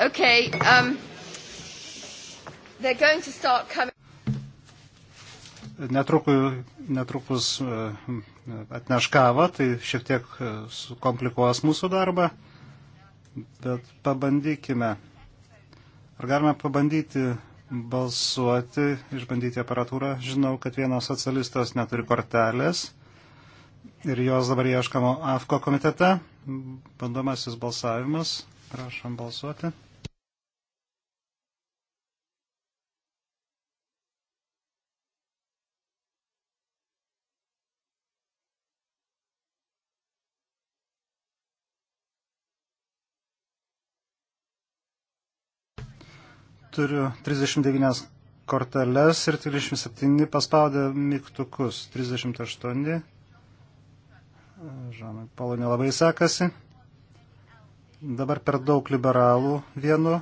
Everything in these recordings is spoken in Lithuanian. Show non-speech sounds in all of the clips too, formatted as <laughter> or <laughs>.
Okay, um, they're going to start coming. Netrukus, netrukus uh, atneš kavą, tai šiek tiek uh, sukomplikuos mūsų darbą, bet pabandykime. Ar galime pabandyti balsuoti, išbandyti aparatūrą? Žinau, kad vienas socialistas neturi kortelės ir jos dabar ieškamo AFKO komitete. Bandomasis balsavimas. Prašom balsuoti. turiu 39 korteles ir 37 paspaudę mygtukus. 38. Žanai, palo nelabai sekasi. Dabar per daug liberalų vienu.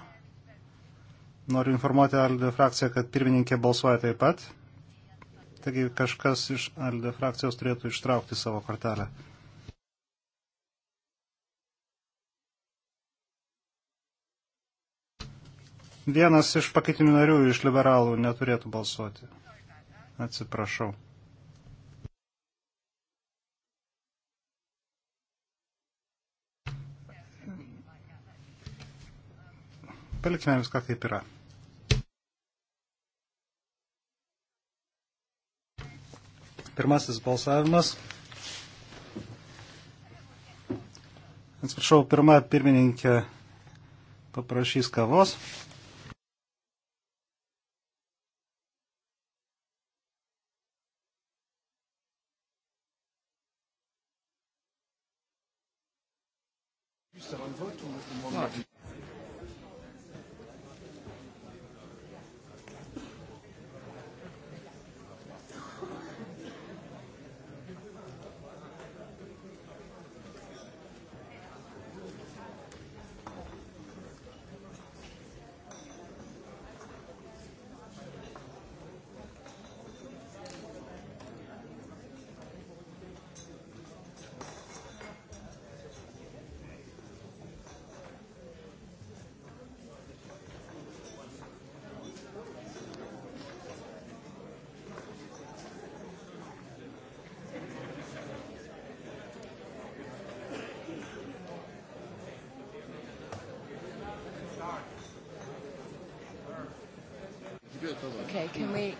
Noriu informuoti Aldo frakciją, kad pirmininkė balsuoja taip pat. Taigi kažkas iš Aldo frakcijos turėtų ištraukti savo kortelę. Vienas iš pakeitinių narių iš liberalų neturėtų balsuoti. Atsiprašau. Palikime viską kaip yra. Pirmasis balsavimas. Atsiprašau, pirma pirmininkė paprašys kavos.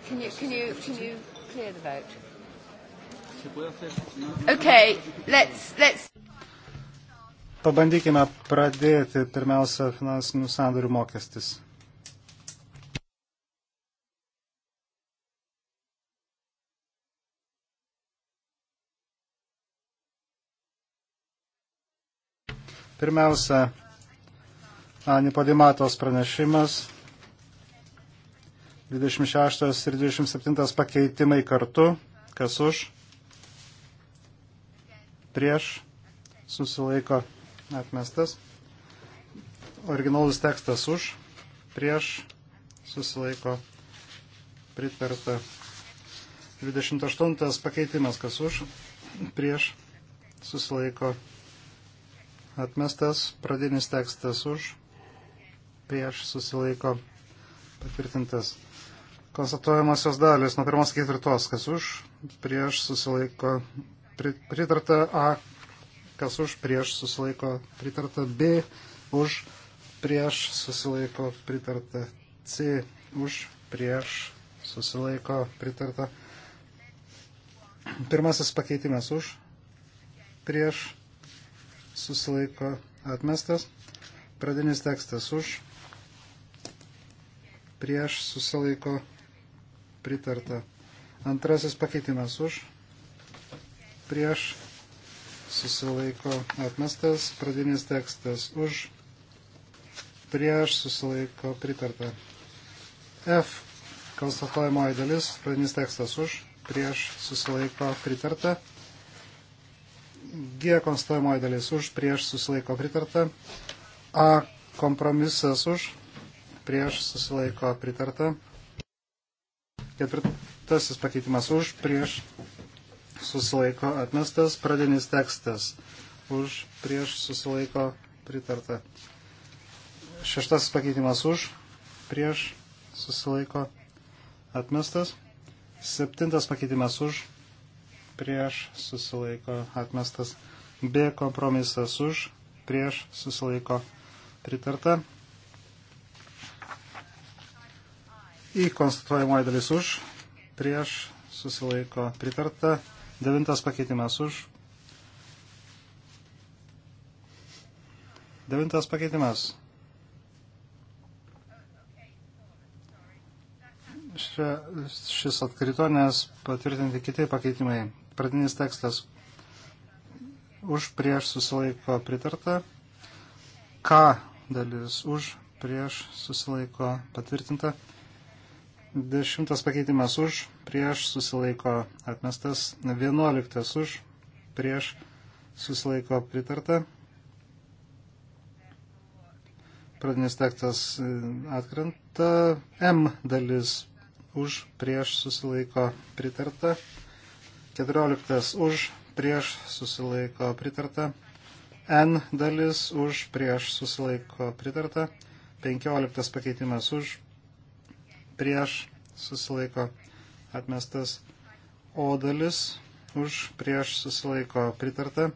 Can you, can you, can you clear the vote? Okay, let's, let's. Pabandykime pradėti pirmiausia finansinių sandorių mokestis. Pirmiausia, Ani Padimatos pranešimas 26 ir 27 pakeitimai kartu, kas už, prieš, susilaiko atmestas. Originalus tekstas už, prieš, susilaiko pritarta. 28 pakeitimas, kas už, prieš, susilaiko atmestas. Pradinis tekstas už, prieš, susilaiko patvirtintas konstatuojamosios dalis nuo pirmos ketvirtos, kas už, prieš susilaiko pritarta A, kas už, prieš susilaiko pritarta B, už, prieš susilaiko pritarta C, už, prieš susilaiko pritarta. Pirmasis pakeitimas už, prieš susilaiko atmestas. Pradinis tekstas už, prieš susilaiko pritarta pritarta. Antrasis pakeitimas už, prieš, susilaiko atmestas, pradinis tekstas už, prieš, susilaiko pritarta. F, konstatuojamoji dalis, pradinis tekstas už, prieš, susilaiko pritarta. G, konstatuojamoji dalis už, prieš, susilaiko pritarta. A, kompromisas už, prieš, susilaiko pritarta. Ketvirtasis pakeitimas už, prieš, susilaiko atmestas. Pradinis tekstas už, prieš, susilaiko pritarta. Šeštasis pakeitimas už, prieš, susilaiko atmestas. Septintas pakeitimas už, prieš, susilaiko atmestas. B kompromisas už, prieš, susilaiko pritarta. Į konstatuojamoji dalis už, prieš, susilaiko pritarta. Devintas pakeitimas už. Devintas pakeitimas. Šia, šis atkrito, nes patvirtinti kiti pakeitimai. Pradinis tekstas už prieš susilaiko pritarta. K dalis už prieš susilaiko patvirtinta. Dešimtas pakeitimas už, prieš susilaiko atmestas. Vienuoliktas už, prieš susilaiko pritarta. Pradinis tekstas e, atkrenta. M dalis už, prieš susilaiko pritarta. Keturioliktas už, prieš susilaiko pritarta. N dalis už, prieš susilaiko pritarta. Penkioliktas pakeitimas už, prieš susilaiko atmestas, O dalis už prieš susilaiko pritarta,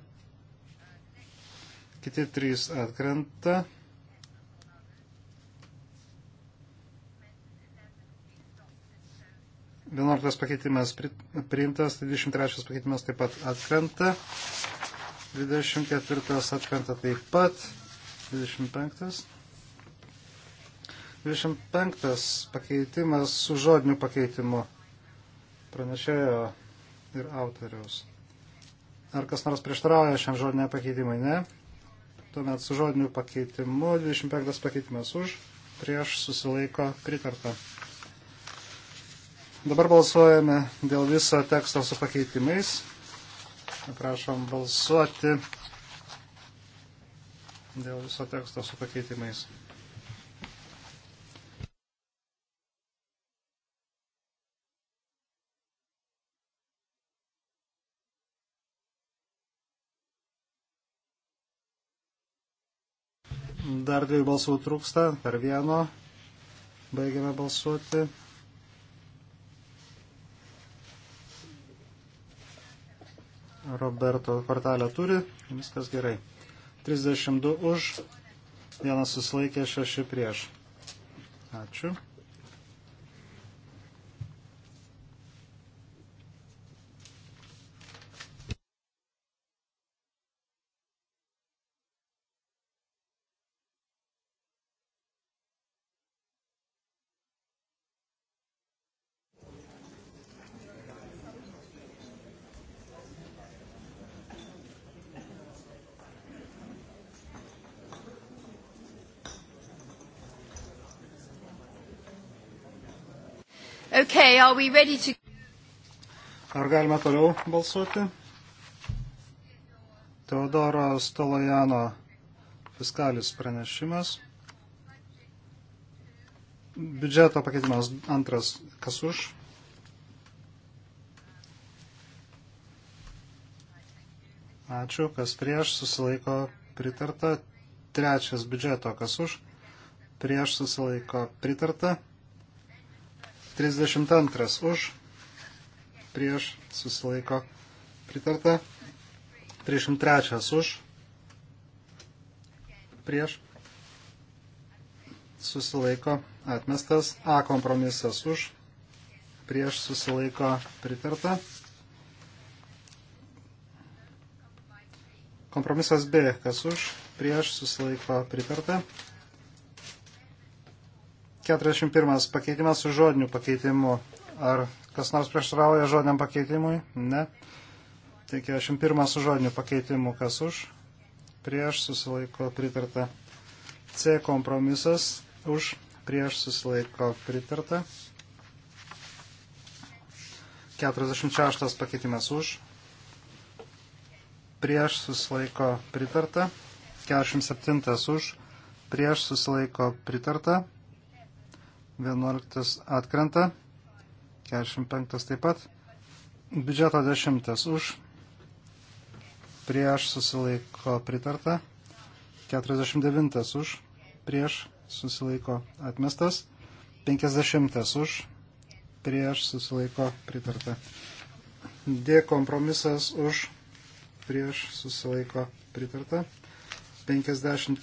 kiti trys atkrenta. Vienuoliktas pakeitimas priimtas, 23 pakeitimas taip pat atkrenta, 24 atkrenta taip pat, 25. 25 pakeitimas su žodiniu pakeitimu pranešėjo ir autoriaus. Ar kas nors prieštarauja šiam žodiniam pakeitimui? Ne. Tuomet su žodiniu pakeitimu 25 pakeitimas už, prieš susilaiko pritarta. Dabar balsuojame dėl viso teksto su pakeitimais. Prašom balsuoti dėl viso teksto su pakeitimais. dar dviejų balsų trūksta, dar vieno. Baigiame balsuoti. Roberto kortelę turi, viskas gerai. 32 už, vienas susilaikė, 6 prieš. Ačiū. are we ready to... Ar galime toliau balsuoti? Teodoro Stolojano fiskalis pranešimas. Biudžeto pakeitimas antras, kas už? Ačiū, kas prieš, susilaiko pritarta. Trečias biudžeto, kas už? Prieš susilaiko pritarta. 32 už, prieš, susilaiko, pritarta. 33 už, prieš, susilaiko, atmestas. A kompromisas už, prieš, susilaiko, pritarta. Kompromisas B, kas už, prieš, susilaiko, pritarta. 41 pakeitimas su žodiniu pakeitimu. Ar kas nors prieštarauja žodiniam pakeitimui? Ne. Tai 41 su žodiniu pakeitimu. Kas už? Prieš susilaiko pritarta. C kompromisas už prieš susilaiko pritarta. 46 pakeitimas už. Prieš susilaiko pritarta. 47 už. Prieš susilaiko pritarta. 11 atkrenta, 45 taip pat, biudžeto 10 už, prieš susilaiko pritarta, 49 už, prieš susilaiko atmestas, 50 už, prieš susilaiko pritarta. D kompromisas už, prieš susilaiko pritarta, 54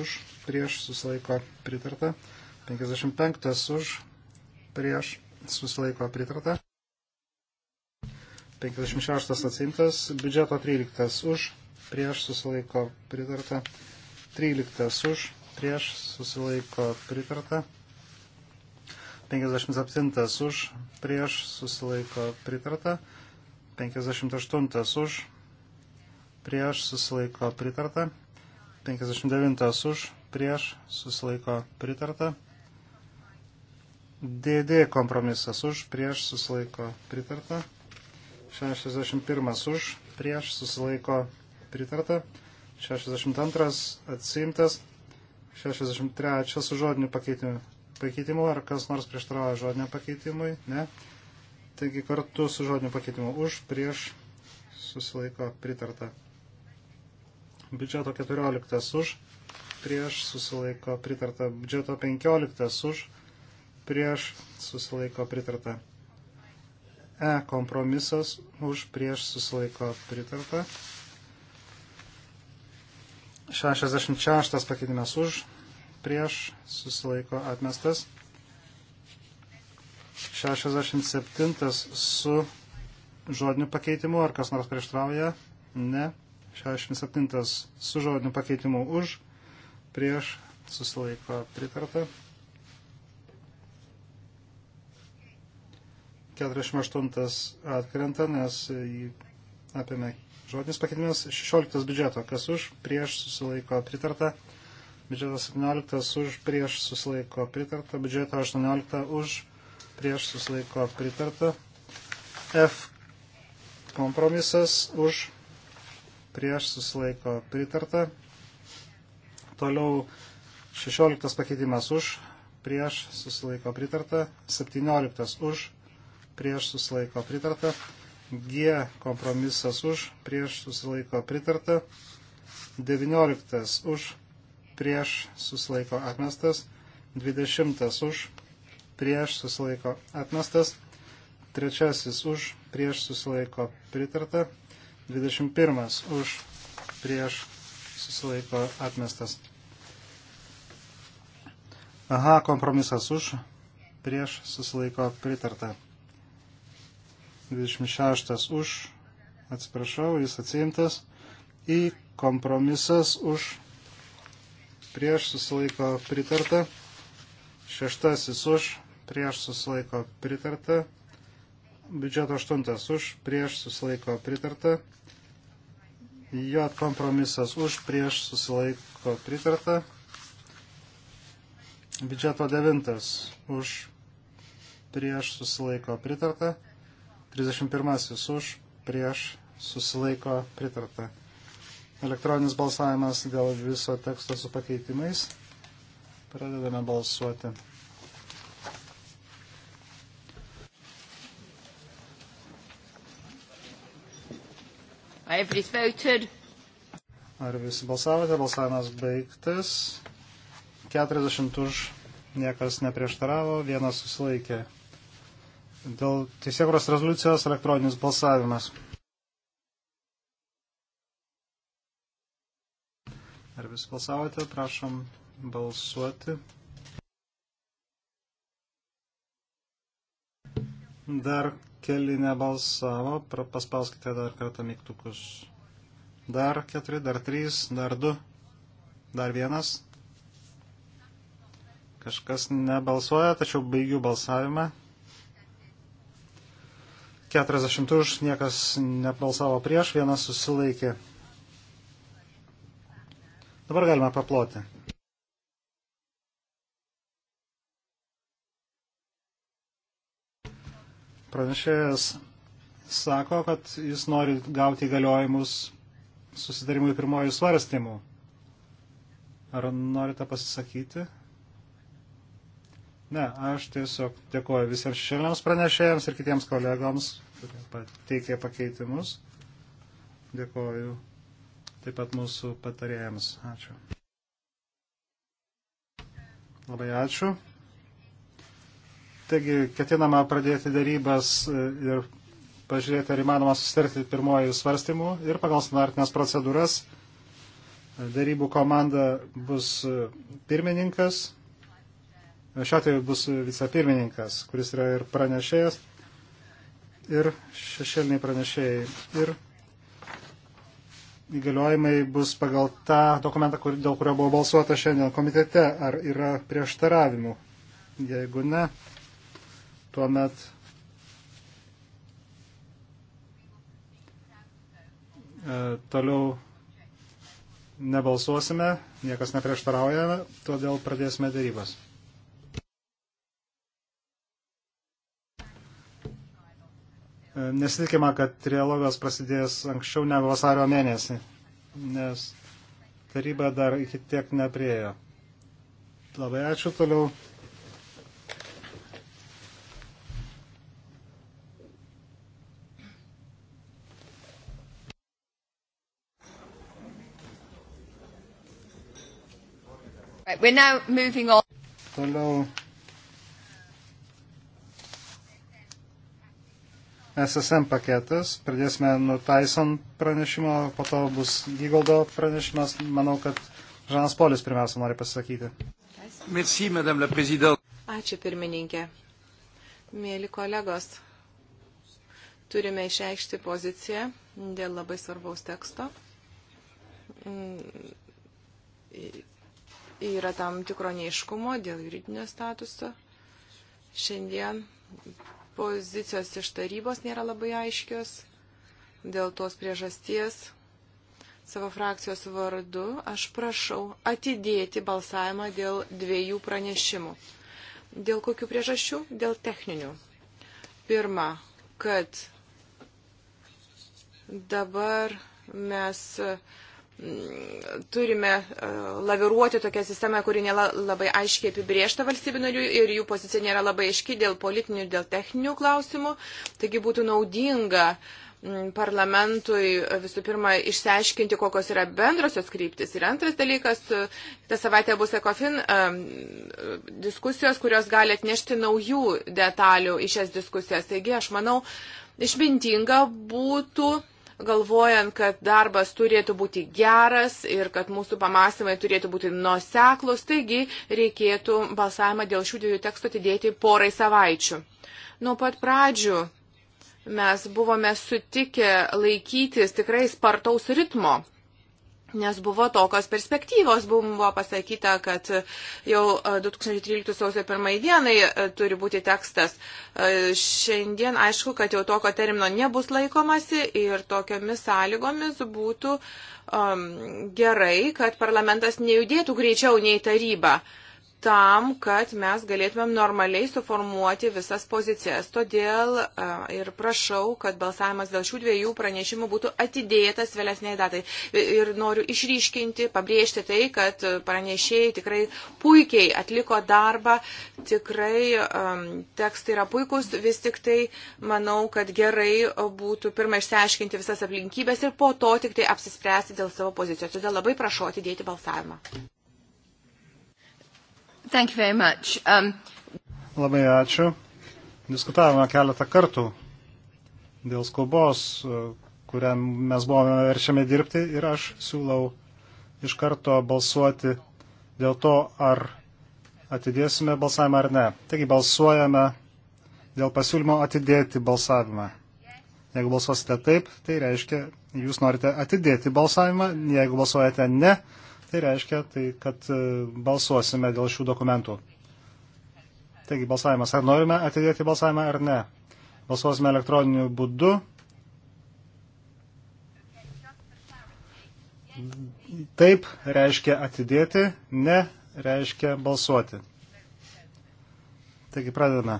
už, prieš susilaiko pritarta. 55 už, prieš, susilaiko pritarta. 56 atsimtas, biudžeto 13 už, prieš, susilaiko pritarta. 13 už, prieš, susilaiko pritarta. 57 už, prieš, susilaiko pritarta. 58 už, prieš, susilaiko pritarta. 59 už, prieš, susilaiko pritarta. DD kompromisas už, prieš susilaiko pritarta. 61 už, prieš susilaiko pritarta. 62 atsimtas. 63 su žodiniu pakeitimu. pakeitimu. Ar kas nors prieštarauja žodiniam pakeitimui? Ne. Taigi kartu su žodiniu pakeitimu už, prieš susilaiko pritarta. Biudžeto 14 už, prieš susilaiko pritarta. Biudžeto 15 už prieš susilaiko pritarta. E kompromisas už prieš susilaiko pritarta. 66 pakeitimas už prieš susilaiko atmestas. 67 su žodiniu pakeitimu, ar kas nors prieštrauja? Ne. 67 su žodiniu pakeitimu už, prieš susilaiko pritarta. 48 atkrenta, nes jį apėmė žodinis pakeitimas 16 biudžeto, kas už, prieš susilaiko pritarta, biudžetas 17 už, prieš susilaiko pritarta, biudžeto 18 už, prieš susilaiko pritarta, F kompromisas už, prieš susilaiko pritarta, toliau 16 pakeitimas už, prieš susilaiko pritarta, 17 už, prieš susilaiko pritarta. G kompromisas už, prieš susilaiko pritarta. 19 už, prieš susilaiko atmestas. 20 už, prieš susilaiko atmestas. Trečiasis už, prieš susilaiko pritarta. 21 už, prieš susilaiko atmestas. Aha, kompromisas už, prieš susilaiko pritarta. 26 už, atsiprašau, jis atsiimtas, į kompromisas už, prieš susilaiko pritarta, šeštasis už, prieš susilaiko pritarta, biudžeto aštuntas už, prieš susilaiko pritarta, J kompromisas už, prieš susilaiko pritarta. Biudžeto devintas už prieš susilaiko pritarta. 31 už, prieš, susilaiko pritarta. Elektroninis balsavimas dėl viso teksto su pakeitimais. Pradedame balsuoti. Everybody's voted. Ar visi balsavote? Balsavimas baigtas. 40 už, niekas neprieštaravo, vienas susilaikė. Dėl teisėkuros rezoliucijos elektroninis balsavimas. Ar vis balsavote? Prašom balsuoti. Dar keli nebalsavo. Paspauskite dar kartą mygtukus. Dar keturi, dar trys, dar du, dar vienas. Kažkas nebalsuoja, tačiau baigiu balsavimą. 40 už, niekas nebalsavo prieš, vienas susilaikė. Dabar galime paploti. Pranešėjas sako, kad jis nori gauti įgaliojimus susitarimui pirmojų svarstymų. Ar norite pasisakyti? Ne, aš tiesiog dėkuoju visiems šiandienos pranešėjams ir kitiems kolegoms, kurie pateikė pakeitimus. Dėkuoju taip pat mūsų patarėjams. Ačiū. Labai ačiū. Taigi, ketinama pradėti darybas e, ir pažiūrėti, ar įmanoma susitarti pirmojų svarstymų ir pagal standartinės procedūras e, darybų komanda bus e, pirmininkas Šiuo atveju bus vicepirmininkas, kuris yra ir pranešėjas, ir šešėliniai pranešėjai. Ir įgaliojimai bus pagal tą dokumentą, kur, dėl kurio buvo balsuota šiandien komitete. Ar yra prieštaravimų? Jeigu ne, tuomet. E, toliau nebalsuosime, niekas neprieštarauja, todėl pradėsime darybas. E, nesitikima, kad trialogas prasidės anksčiau negu vasario mėnesį, nes taryba dar iki tiek nepriejo. Labai ačiū toliau. Right, we're now moving on. Toliau SSM paketas. Pradėsime nuo Tyson pranešimo, po to bus Gygoldo pranešimas. Manau, kad Žanas Polis pirmiausia nori pasisakyti. Merci, madame la présidente. Ačiū, pirmininkė. Mėly kolegos, turime išreikšti poziciją dėl labai svarbaus teksto. Mm, yra tam tikro neiškumo dėl juridinio statuso. Šiandien pozicijos iš tarybos nėra labai aiškios. Dėl tos priežasties savo frakcijos vardu aš prašau atidėti balsavimą dėl dviejų pranešimų. Dėl kokių priežasčių? Dėl techninių. Pirma, kad dabar mes uh, turime e, laviruoti tokią sistemą, kuri nėra labai aiškiai apibriešta valstybinarių ir jų pozicija nėra labai aiški dėl politinių ir dėl techninių klausimų. Taigi būtų naudinga parlamentui visų pirma išsiaiškinti, kokios yra bendrosios kryptis. Ir antras dalykas, tą savaitę bus ECOFIN e, diskusijos, kurios gali atnešti naujų detalių į šias diskusijas. Taigi aš manau, išmintinga būtų galvojant, kad darbas turėtų būti geras ir kad mūsų pamastymai turėtų būti nuseklus, taigi reikėtų balsavimą dėl šių dviejų tekstų atidėti porai savaičių. Nuo pat pradžių mes buvome sutikę laikytis tikrai spartaus ritmo Nes buvo tokios perspektyvos, buvo pasakyta, kad jau 2013 e, sausio pirmai dienai e, turi būti tekstas. E, šiandien aišku, kad jau tokio termino nebus laikomasi ir tokiomis sąlygomis būtų um, gerai, kad parlamentas nejudėtų greičiau nei taryba. Uh, tam, kad mes galėtumėm normaliai suformuoti visas pozicijas. Todėl e, ir prašau, kad balsavimas dėl šių dviejų pranešimų būtų atidėtas vėlesniai datai. Ir noriu išryškinti, pabrėžti tai, kad pranešėjai tikrai puikiai atliko darbą, tikrai um, tekstai yra puikus, vis tik tai manau, kad gerai būtų pirmą išsiaiškinti visas aplinkybės ir po to tik tai apsispręsti dėl savo pozicijos. Todėl labai prašau atidėti balsavimą. Thank you very much. Um... Labai ačiū. Diskutavome keletą kartų dėl skubos, e, kurią mes buvome verčiami dirbti ir aš siūlau iš karto balsuoti dėl to, ar atidėsime balsavimą ar ne. Taigi balsuojame dėl pasiūlymo atidėti balsavimą. Jeigu balsuosite taip, tai reiškia, jūs norite atidėti balsavimą, jeigu balsuojate ne, Tai reiškia, tai, kad e, balsuosime dėl šių dokumentų. Taigi balsavimas. Ar norime atidėti balsavimą ar ne? Balsuosime elektroniniu būdu. Taip reiškia atidėti, ne reiškia balsuoti. Taigi pradedame.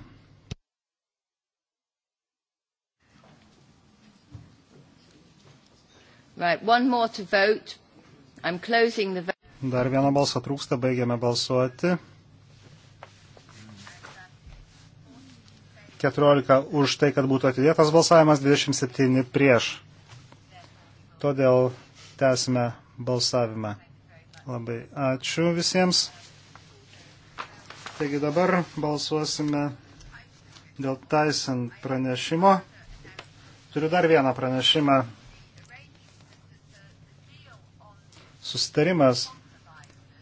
Right, one more to vote, The... Dar vieno balso trūksta, baigiame balsuoti. 14 už tai, kad būtų atidėtas balsavimas, 27 prieš. Todėl tęsime balsavimą. Labai ačiū visiems. Taigi dabar balsuosime dėl Tyson pranešimo. Turiu dar vieną pranešimą. sustarimas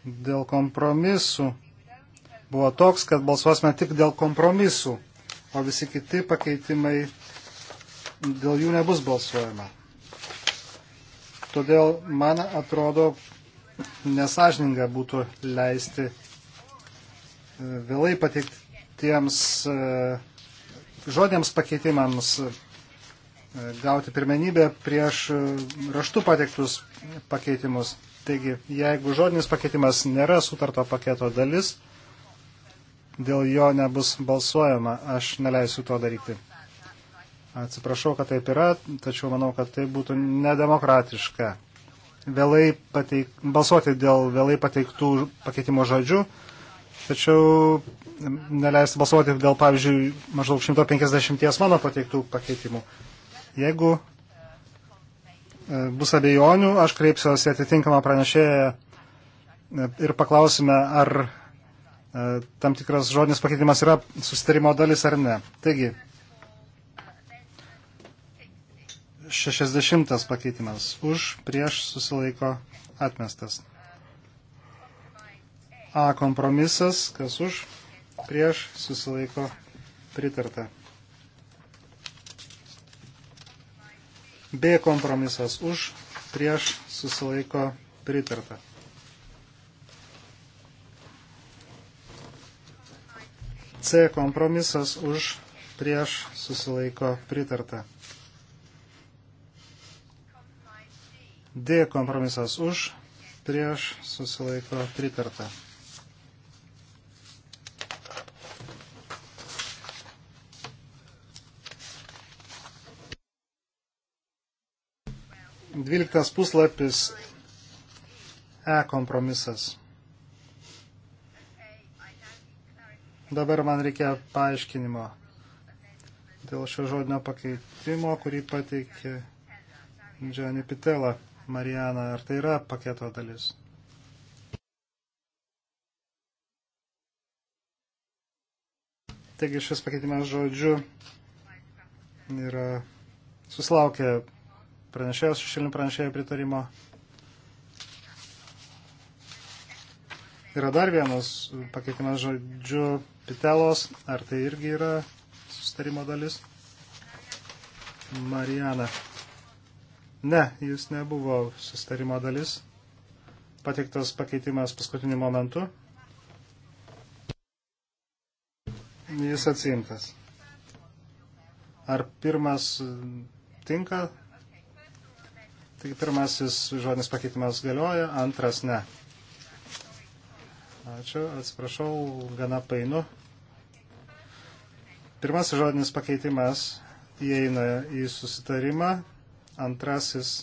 dėl kompromisų buvo toks, kad balsuosime tik dėl kompromisų, o visi kiti pakeitimai dėl jų nebus balsuojama. Todėl man atrodo nesažininga būtų leisti e, vėlai pateiktiems e, žodėms pakeitimams e, gauti pirmenybę prieš raštų pateiktus pakeitimus. Taigi, jeigu žodinis pakeitimas nėra sutarto paketo dalis, dėl jo nebus balsuojama, aš neleisiu to daryti. Atsiprašau, kad taip yra, tačiau manau, kad tai būtų nedemokratiška. Vėlai pateik, balsuoti dėl vėlai pateiktų pakeitimo žodžių, tačiau neleisti balsuoti dėl, pavyzdžiui, maždaug 150 mano pateiktų pakeitimų. Jeigu E, bus abejonių, aš kreipsiuosi atitinkamą pranešėją e, ir paklausime, ar e, tam tikras žodinis pakeitimas yra susitarimo dalis ar ne. Taigi, 60 pakeitimas už, prieš susilaiko atmestas. A kompromisas, kas už, prieš susilaiko pritarta. B kompromisas už, prieš susilaiko pritarta. C kompromisas už, prieš susilaiko pritarta. D kompromisas už, prieš susilaiko pritarta. 12 puslapis E kompromisas. Dabar man reikia paaiškinimo dėl šio žodinio pakeitimo, kurį pateikė Džiani Pitela. Marijana, ar tai yra paketo dalis? Taigi šis pakeitimas žodžiu yra susilaukė pranešėjos šešėlinių pranešėjų pritarimo. Yra dar vienas pakeitimas žodžiu pitelos, ar tai irgi yra sustarimo dalis? Marijana. Ne, jis nebuvo sustarimo dalis. Pateiktas pakeitimas paskutiniu momentu. Jis atsimtas. Ar pirmas tinka Taigi pirmasis žodinis pakeitimas galioja, antras ne. Ačiū, atsiprašau, gana painu. Pirmasis žodinis pakeitimas įeina į susitarimą, antrasis,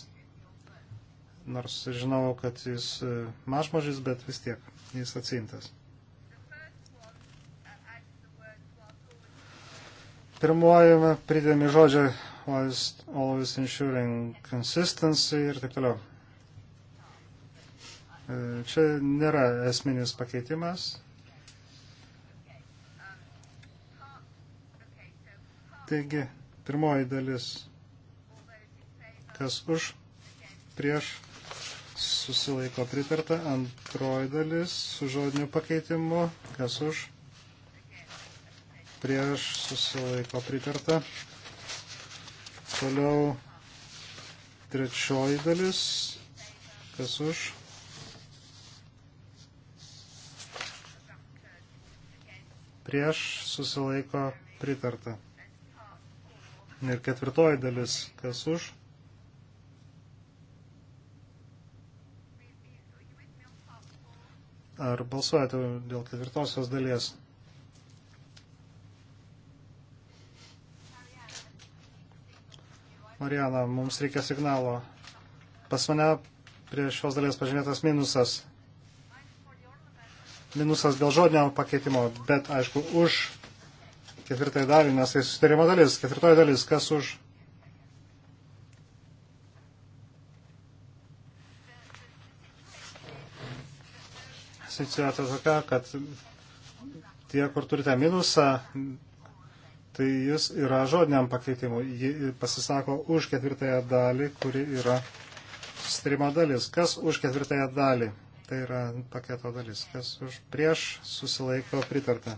nors žinau, kad jis e, mažmožis, bet vis tiek jis atsintas. Pirmojame pridėmi žodžią always ensuring consistency ir taip toliau. E, čia nėra esminis pakeitimas. Taigi, pirmoji dalis, kas už, prieš, susilaiko pritarta, antroji dalis su žodiniu pakeitimu, kas už, prieš, susilaiko pritarta. Toliau trečioji dalis. Kas už? Prieš susilaiko pritarta. Ir ketvirtoji dalis. Kas už? Ar balsuojate dėl ketvirtosios dalies? Marijana, mums reikia signalo. Pas mane prie šios dalies pažymėtas minusas. Minusas dėl žodinio pakeitimo, bet aišku, už ketvirtąją dalį, nes tai susitarimo dalis. Ketvirtoji dalis, kas už? Situacija tokia, kad tie, kur turite minusą, tai jis yra žodiniam pakeitimui. Ji pasisako už ketvirtąją dalį, kuri yra susitarimo dalis. Kas už ketvirtąją dalį? Tai yra paketo dalis. Kas už prieš susilaiko pritarta.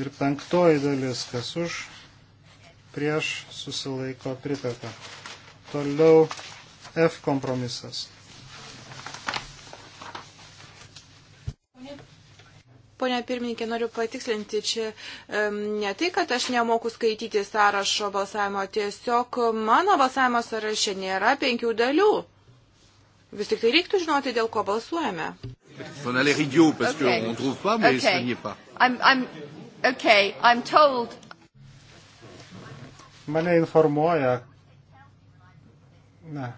Ir penktoji dalis. Kas už prieš susilaiko pritarta. Toliau F kompromisas. ponia pirmininkė, noriu patikslinti, čia ne tai, kad aš nemoku skaityti sąrašo balsavimo, tiesiog mano balsavimo sąraše nėra penkių dalių. Vis tik tai reiktų žinoti, dėl ko balsuojame. On a l'air idiot parce okay. qu'on ne trouve pas, mais okay. ce n'y est pas. I'm, I'm, okay, I'm told. Mane informuoja. Na.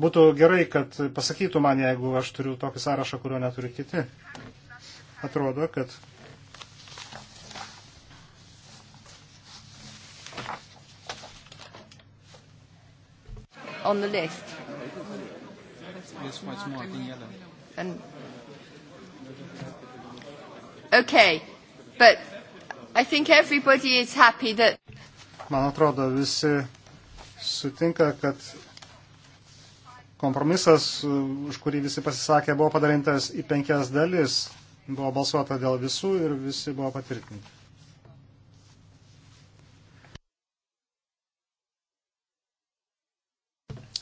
Būtų gerai, kad pasakytų man, jeigu aš turiu tokį sąrašą, kurio neturi kiti atrodo, kad on the list. Yes, what's more in yellow. And okay, but I think everybody is happy that. Man atrodo, visi sutinka, kad kompromisas, už kurį visi pasisakė, buvo padalintas į penkias dalis. Buvo balsuota dėl visų ir visi buvo patvirtinti.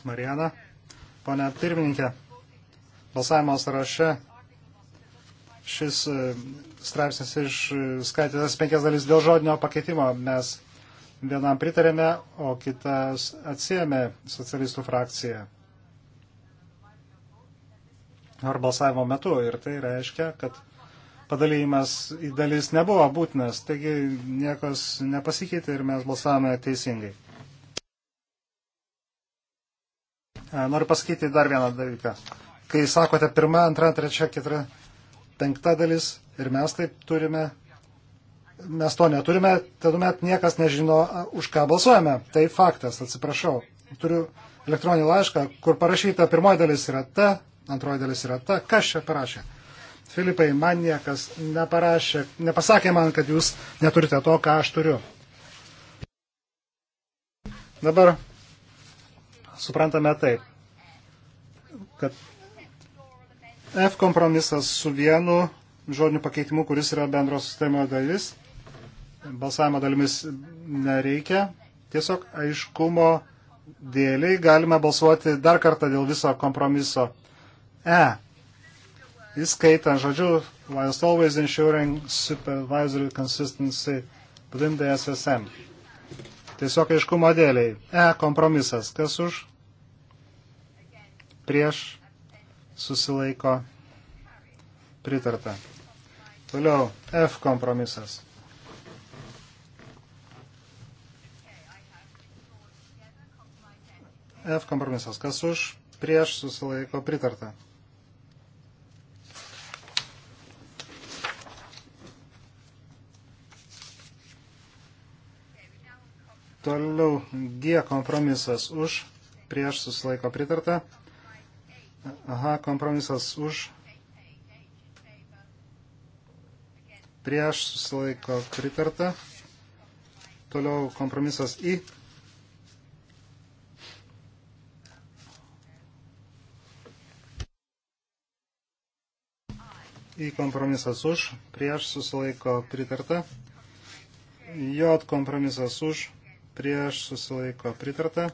Marijana, pone pirmininkė, balsavimo sąraše šis e, straipsnis išskaitytas e, penkias dalis dėl žodinio pakeitimo. Mes vienam pritarėme, o kitas atsijėmė socialistų frakciją ar balsavimo metu. Ir tai reiškia, kad padalymas į dalis nebuvo būtinas, taigi niekas nepasikeitė ir mes balsavome teisingai. E, noriu pasakyti dar vieną dalyką. Kai sakote pirmą, antrą, trečią, ketvirtą, penktą dalis ir mes taip turime, mes to neturime, tuomet niekas nežino, už ką balsuojame. Tai faktas, atsiprašau. Turiu elektroninį laišką, kur parašyta pirmoji dalis yra ta, antroji dalis yra ta, kas čia parašė. Filipai, man niekas neparašė, nepasakė man, kad jūs neturite to, ką aš turiu. Dabar suprantame taip, kad F kompromisas su vienu žodiniu pakeitimu, kuris yra bendro sustarimo dalis, balsavimo dalimis nereikia, tiesiog aiškumo dėliai galime balsuoti dar kartą dėl viso kompromiso E įskaitant žodžiu whilst always ensuring supervisory consistency within the SSM. Tiesiog aiškumo dėliai. E kompromisas. Kas už? Prieš susilaiko pritarta. Toliau F kompromisas. F kompromisas. Kas už? Prieš susilaiko pritarta. Toliau G kompromisas už, prieš susilaiko pritarta. Aha, kompromisas už, prieš susilaiko pritarta. Toliau kompromisas I. Į kompromisas už, prieš susilaiko pritarta. J kompromisas už, prieš susilaiko pritarta.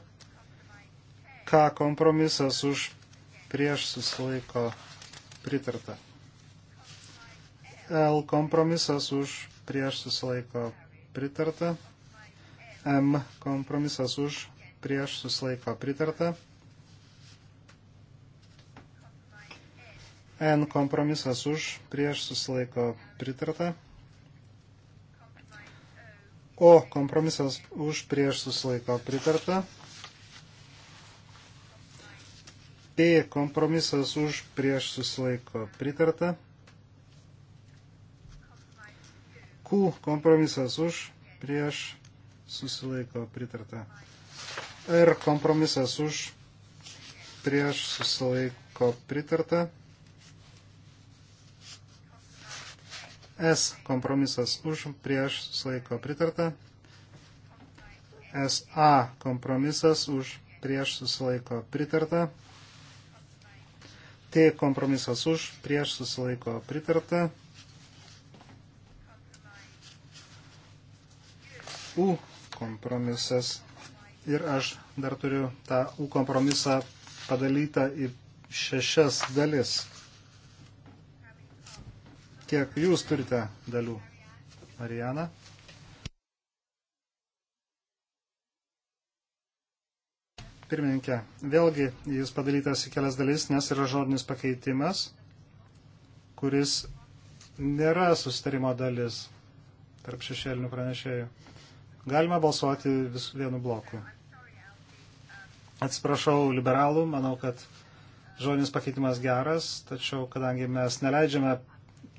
K kompromisas už prieš susilaiko pritarta. L kompromisas už prieš susilaiko pritarta. M kompromisas už prieš susilaiko pritarta. N kompromisas už prieš susilaiko pritarta. O kompromisas už prieš susilaiko pritarta. P e kompromisas už prieš susilaiko pritarta. Q kompromisas už prieš susilaiko pritarta. R kompromisas už prieš susilaiko pritarta. S kompromisas už, prieš, susilaiko pritarta. SA kompromisas už, prieš, susilaiko pritarta. T kompromisas už, prieš, susilaiko pritarta. U kompromisas. Ir aš dar turiu tą U kompromisą padalytą į šešias dalis kiek jūs turite dalių. Marijana. Pirmininkė, vėlgi jis padarytas į kelias dalis, nes yra žodinis pakeitimas, kuris nėra susitarimo dalis tarp šešėlinių pranešėjų. Galima balsuoti visų vienu bloku. Atsiprašau liberalų, manau, kad žodinis pakeitimas geras, tačiau kadangi mes neleidžiame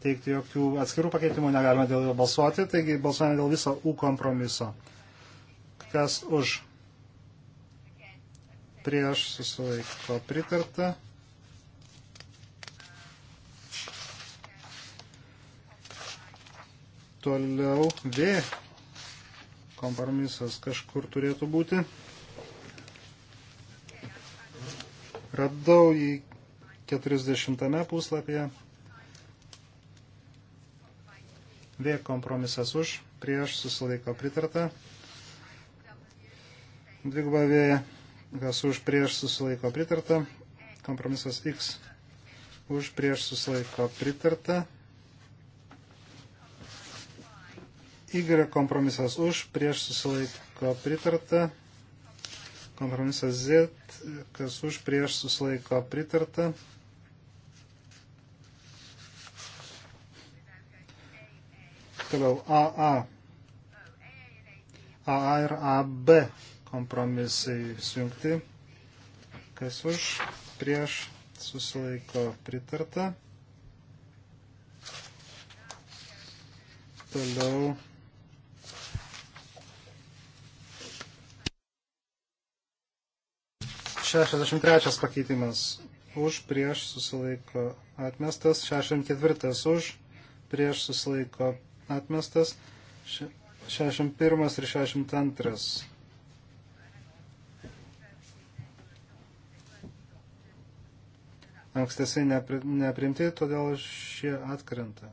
teikti jokių atskirų pakeitimų, negalima dėl jo balsuoti, taigi balsuojame dėl viso U kompromiso. Kas už? Prieš susilaiko pritarta. Toliau V kompromisas kažkur turėtų būti. Radau jį 40 puslapyje. V kompromisas už, prieš susilaiko pritarta. Dviguba V, kas už, prieš susilaiko pritarta. Kompromisas X už, prieš susilaiko pritarta. Y kompromisas už, prieš susilaiko pritarta. Kompromisas Z, kas už, prieš susilaiko pritarta. Toliau AA. AA ir AB kompromisai sujungti. Kas už, prieš, susilaiko pritarta. Toliau. Šešiasdešimt trečias pakeitimas. Už, prieš, susilaiko atmestas. Šešiasdešimt ketvirtas už, prieš, susilaiko atmestas. 61 ir 62. Ankstesiai nepri, neprimti, todėl šie atkrenta.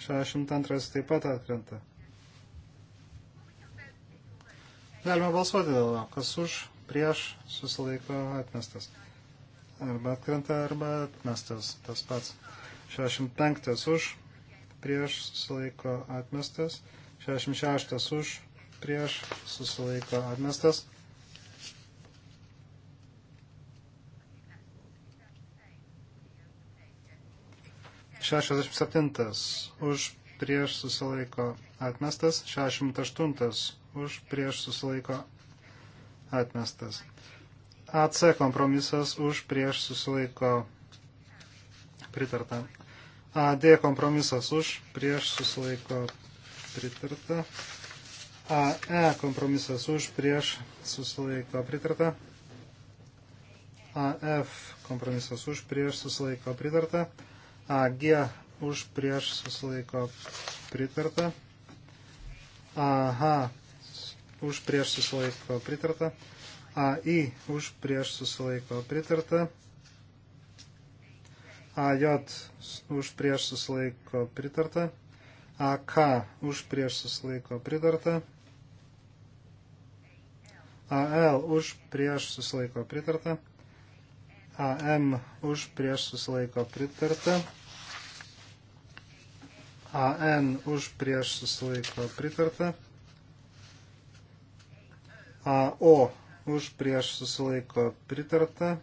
Šešimt antras taip pat atkrenta. Galime balsuoti dėl to, kas už prieš, susilaiko atmestas. Arba atkrenta, arba atmestas, tas pats. 65 už, prieš, susilaiko atmestas. 66 už, prieš, susilaiko atmestas. Šešiasdešimt septintas už prieš susilaiko atmestas, šešiasdešimt aštuntas už prieš susilaiko atmestas. AC kompromisas už prieš susilaiko pritarta. AD kompromisas už prieš susilaiko pritarta. AE kompromisas už prieš susilaiko pritarta. AF kompromisas už prieš susilaiko pritarta. AG už prieš susilaiko pritarta. AH už prieš susilaiko pritarta. AI už prieš susilaiko pritarta. AJ už prieš susilaiko pritarta. AK už prieš susilaiko pritarta. AL už prieš susilaiko pritarta. AM už prieš susilaiko pritarta. AN už prieš susilaiko pritarta. AO už prieš susilaiko pritarta.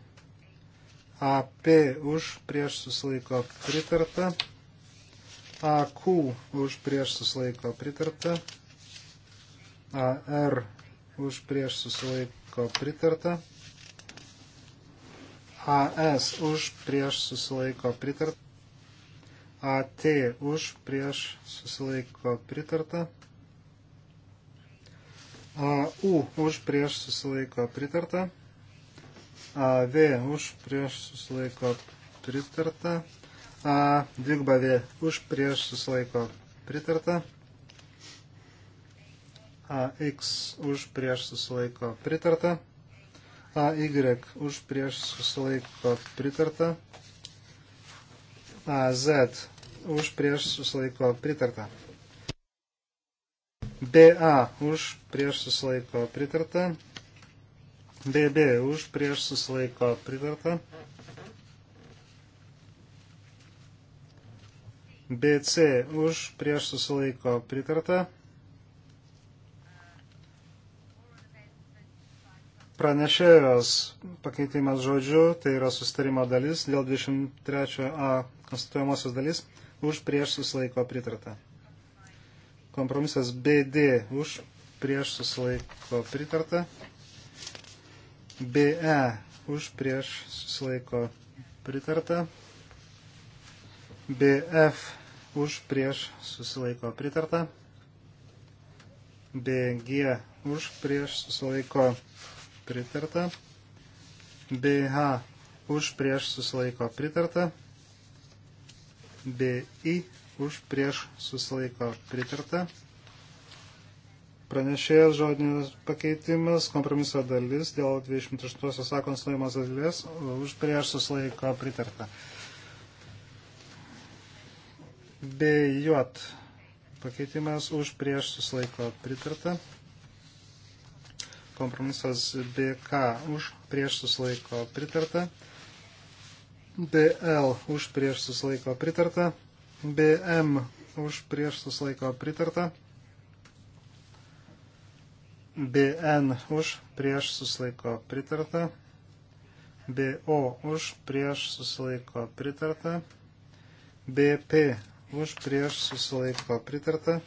AP už prieš susilaiko pritarta. AQ už prieš susilaiko pritarta. AR už prieš susilaiko pritarta. AS už prieš susilaiko pritarta. AT už prieš susilaiko pritarta. U už prieš susilaiko pritarta. AV už prieš susilaiko pritarta. A dvigba V už prieš susilaiko pritarta. AX už prieš susilaiko pritarta. AY už prieš susilaiko pritarta. AZ už prieš susilaiko pritarta. BA už prieš susilaiko pritarta. BB už prieš susilaiko pritarta. BC už prieš susilaiko pritarta. Pranešėjos pakeitimas žodžiu, tai yra sustarimo dalis dėl 23A konstituojamosios dalis už prieš susilaiko pritarta. Kompromisas BD už prieš susilaiko pritarta. BE už prieš susilaiko pritarta. BF už prieš susilaiko pritarta. BG už prieš susilaiko pritarta. BH už prieš susilaiko pritarta. BI už prieš susilaiko pritarta. Pranešėjas žodinis pakeitimas, kompromiso dalis dėl 28 sakons laimos dalies už prieš susilaiko pritarta. BJ pakeitimas už prieš susilaiko pritarta. Kompromisas BK už prieš susilaiko pritarta. BL už prieš susilaiko pritarta. BM už prieš susilaiko pritarta. BN už prieš susilaiko pritarta. BO už prieš susilaiko pritarta. BP už prieš susilaiko pritarta.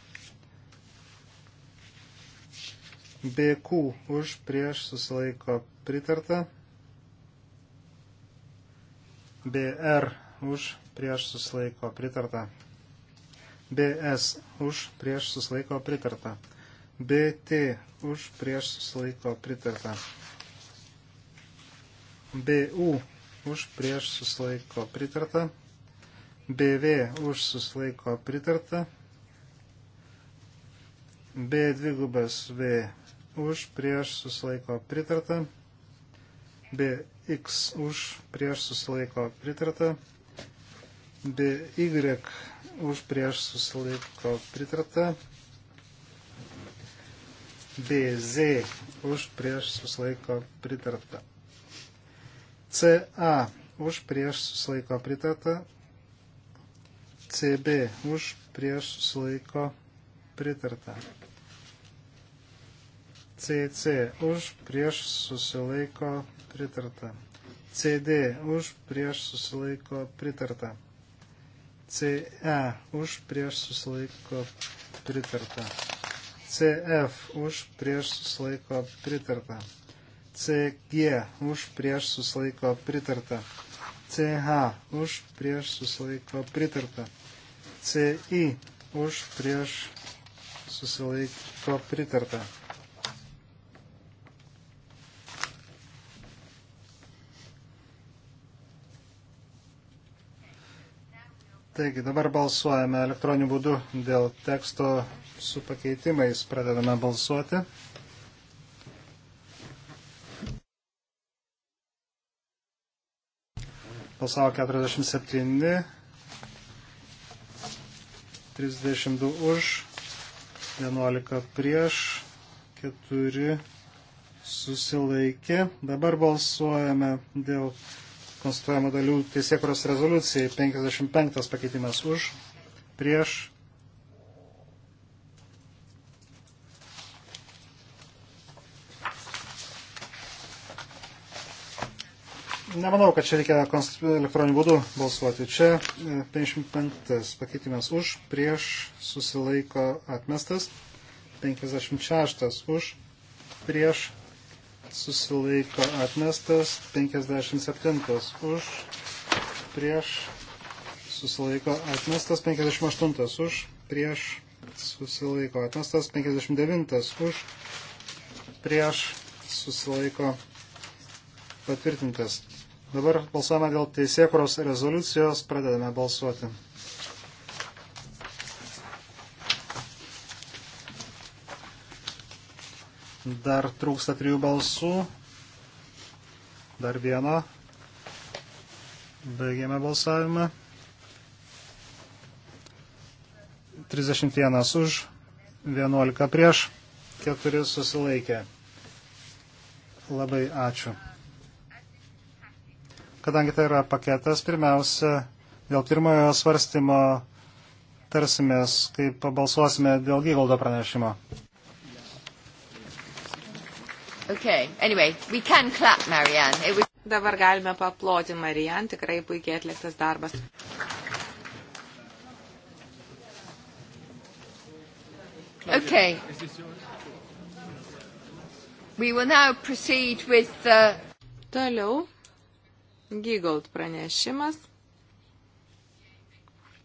BQ už prieš susilaiko pritarta. BR už prieš susilaiko pritarta. BS už prieš susilaiko pritarta. BT už prieš susilaiko pritarta. BU už prieš susilaiko pritarta. BV už susilaiko pritarta. B2 V už prieš susilaiko pritarta. BX už prieš susilaiko pritarta. BY už prieš susilaiko pritarta. BZ už prieš susilaiko pritarta. CA už prieš susilaiko pritarta. CB už prieš susilaiko pritarta. CC už prieš susilaiko pritarta. CD už prieš susilaiko pritarta. CE už prieš susilaiko pritarta. CF už prieš susilaiko pritarta. CG už prieš susilaiko pritarta. CH už prieš susilaiko pritarta. CI už prieš susilaiko pritarta. Taigi dabar balsuojame elektroniniu būdu dėl teksto su pakeitimais. Pradedame balsuoti. Balsavo 47, 32 už, 11 prieš, 4 susilaikė. Dabar balsuojame dėl konstatuojamų dalių teisėkuros rezoliucijai 55 pakeitimas už, prieš. Nemanau, kad čia reikia elektroniniu būdu balsuoti. Čia 55 e, pakeitimas už, prieš susilaiko atmestas, 56 už, prieš susilaiko atmestas, 57 už, prieš susilaiko atmestas, 58 už, prieš susilaiko atmestas, 59 už, prieš susilaiko patvirtintas. Dabar balsuojame dėl teisėkuros rezoliucijos, pradedame balsuoti. Dar trūksta trijų balsų. Dar vieno. Baigėme balsavimą. 31 už, 11 prieš, 4 susilaikė. Labai ačiū. Kadangi tai yra paketas, pirmiausia, dėl pirmojo svarstymo tarsimės, kaip pabalsuosime dėl Gygaldo pranešimo. Okay. Anyway, we can clap, Marianne. It was... Dabar galime paploti Marianne, tikrai puikiai atliktas darbas. Okay. We will now proceed with the... Toliau Gigold pranešimas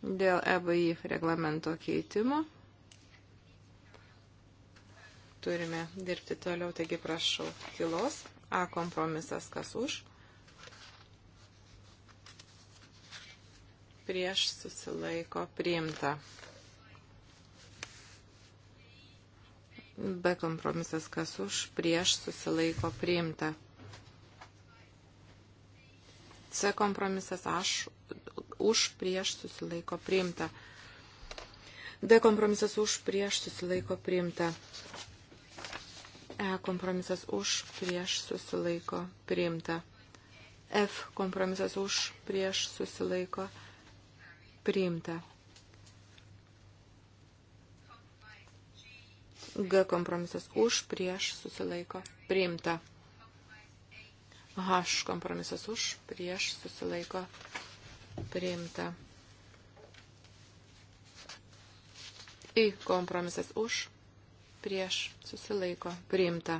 dėl EBI reglamento keitimo turime dirbti toliau, taigi prašau tylos. A kompromisas kas už. Prieš susilaiko priimta. B kompromisas kas už. Prieš susilaiko priimta. C kompromisas aš už prieš susilaiko priimta. D kompromisas už prieš susilaiko priimta. E kompromisas už, prieš susilaiko priimta. F kompromisas už, prieš susilaiko priimta. G kompromisas už, prieš susilaiko priimta. H kompromisas už, prieš susilaiko priimta. I kompromisas už, prieš susilaiko priimta.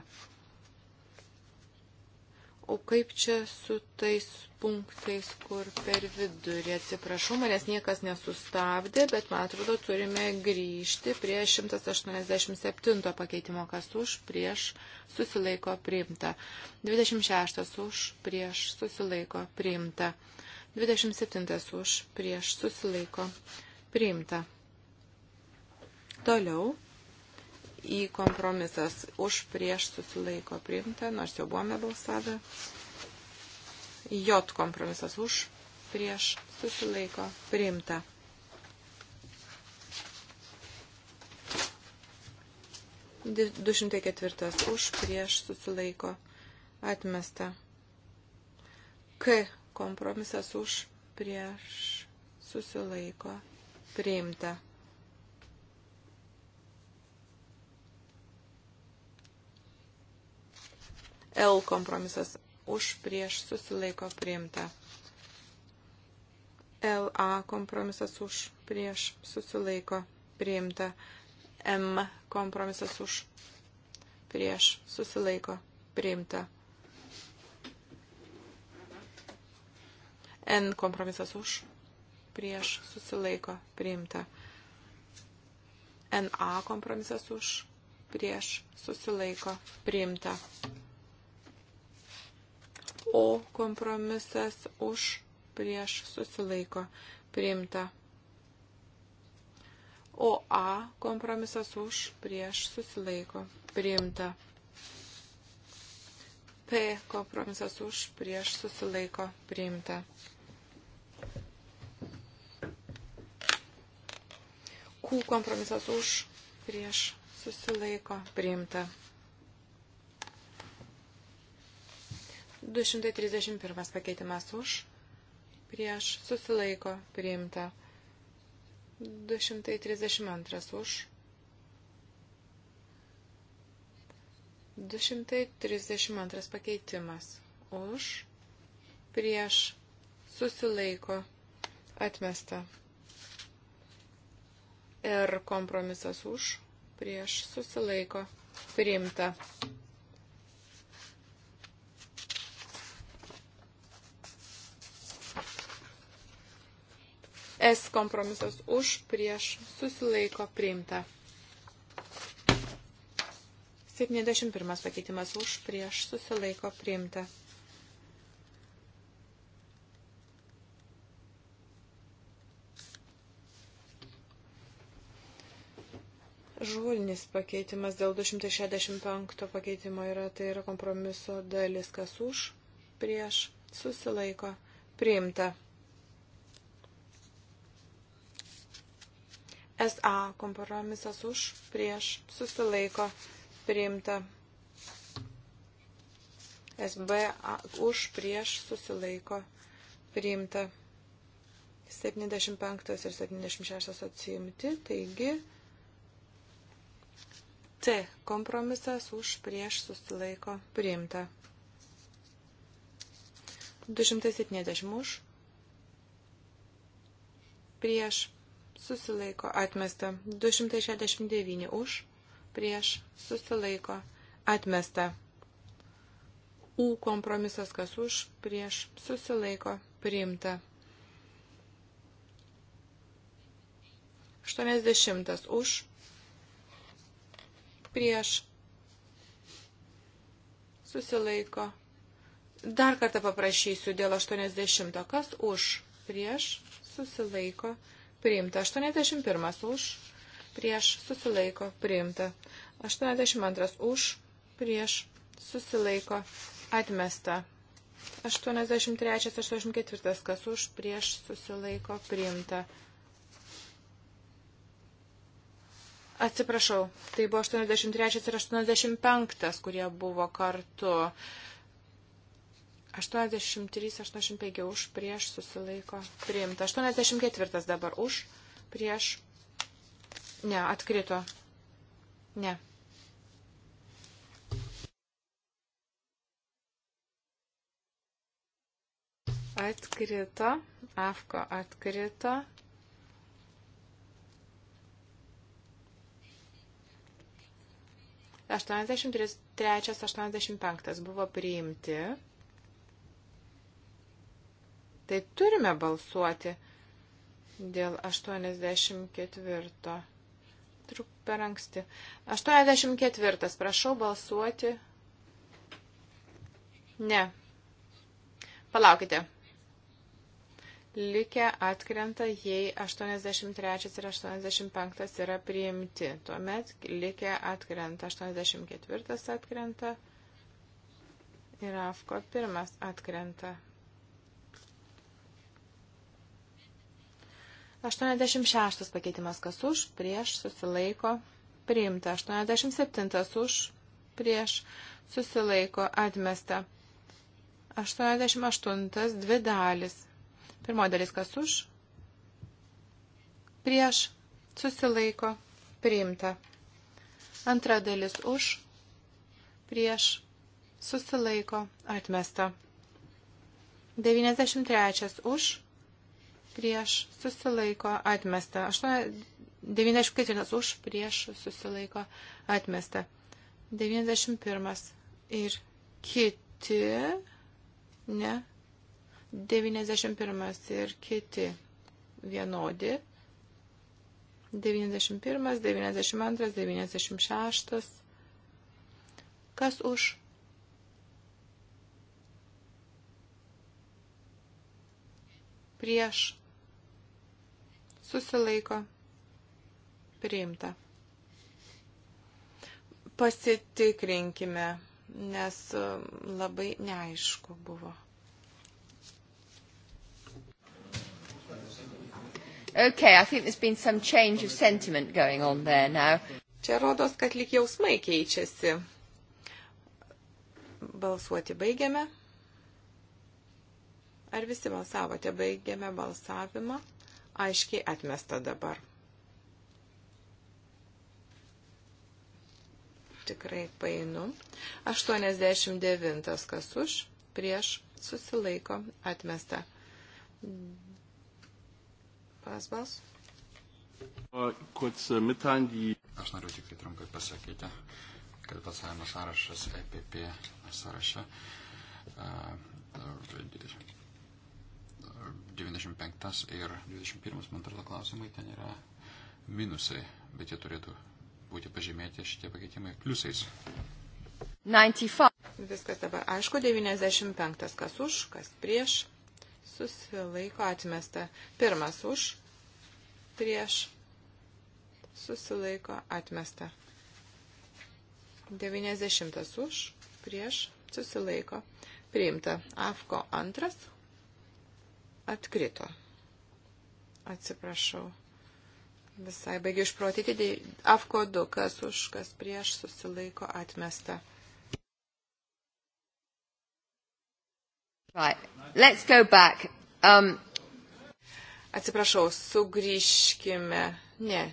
O kaip čia su tais punktais, kur per vidurį, atsiprašau, manęs niekas nesustabdė, bet man atrodo turime grįžti prie 187 pakeitimo, kas už, prieš, susilaiko priimta. 26 už, prieš, susilaiko priimta. 27 už, prieš, susilaiko priimta. Toliau į kompromisas. Už prieš susilaiko priimta, nors jau buvome balsavę. J kompromisas už prieš susilaiko priimta. D 204 už prieš susilaiko atmesta. K kompromisas už prieš susilaiko priimta. L kompromisas už prieš susilaiko priimta. LA kompromisas už prieš susilaiko priimta. M kompromisas už prieš susilaiko priimta. N kompromisas už prieš susilaiko priimta. NA kompromisas už prieš susilaiko priimta. O kompromisas už prieš susilaiko priimta. O A kompromisas už prieš susilaiko priimta. P kompromisas už prieš susilaiko priimta. Q kompromisas už prieš susilaiko priimta. 231 pakeitimas už, prieš susilaiko priimta. 232 už. 232 pakeitimas už, prieš susilaiko atmesta. Ir kompromisas už, prieš susilaiko priimta. S kompromisas už, prieš, susilaiko priimta. 71 pakeitimas už, prieš, susilaiko priimta. Žulinis pakeitimas dėl 265 pakeitimo yra, tai yra kompromiso dalis, kas už, prieš, susilaiko, priimta. SA kompromisas už, prieš, susilaiko, priimta. SB už, prieš, susilaiko, priimta. 75 ir 76 atsiimti, taigi C kompromisas už, prieš, susilaiko, priimta. 270 už, prieš, susilaiko atmesta. 269 už, prieš, susilaiko atmesta. U kompromisas kas už, prieš, susilaiko priimta. 80 už, prieš, susilaiko. Dar kartą paprašysiu dėl 80, kas už, prieš, susilaiko priimta priimta. 81 už, prieš, susilaiko, priimta. 82 už, prieš, susilaiko, atmesta. 83, 84, kas už, prieš, susilaiko, priimta. Atsiprašau, tai buvo 83 ir 85, kurie buvo kartu. 83, 85 už, prieš susilaiko priimta. 84 dabar už, prieš. Ne, atkrito. Ne. Atkrito. Afko atkrito. Aštuoniasdešimt trečias, aštuoniasdešimt penktas buvo priimti. Tai turime balsuoti dėl 84. Truk per anksti. 84. Prašau balsuoti. Ne. Palaukite. Likę atkrenta, jei 83 ir 85 yra priimti. Tuomet likę atkrenta, 84 atkrenta ir AFKO pirmas atkrenta. 86 pakeitimas kas už, prieš, susilaiko, priimta. 87 už, prieš, susilaiko, atmesta. 88 dvi dalis. Pirmo dalis kas už, prieš, susilaiko, priimta. Antra dalis už, prieš, susilaiko, atmesta. 93 už, prieš susilaiko atmesta. 94 už prieš susilaiko atmesta. 91 ir kiti, ne, 91 ir kiti vienodi. 91, 92, 96. Kas už? Prieš susilaiko, priimta. Pasitikrinkime, nes um, labai neaišku buvo. Okay, I think there's been some change of sentiment going on there now. Čia rodos, kad lik jausmai keičiasi. Balsuoti baigiame. Ar visi balsavote? Baigiame balsavimą aiškiai atmesta dabar. Tikrai painu. 89 kas už, prieš, susilaiko, atmesta. Pasbals. Äh, Aš noriu tik tai trumpai pasakyti, kad balsavimo sąrašas EPP sąraše. Uh, 95 ir 21, man atrodo, klausimai ten yra minusai, bet jie turėtų būti pažymėti šitie pakeitimai pliusais. 95. Viskas dabar aišku, 95. Kas už, kas prieš, susilaiko atmesta. Pirmas už, prieš, susilaiko atmesta. 90 už, prieš, susilaiko. Priimta. Afko antras atkrito. Atsiprašau. Visai baigiu išprotyti. Tai Afko 2, kas už, kas prieš, susilaiko atmesta. Right. Let's go back. Um... Atsiprašau, sugrįžkime. Ne.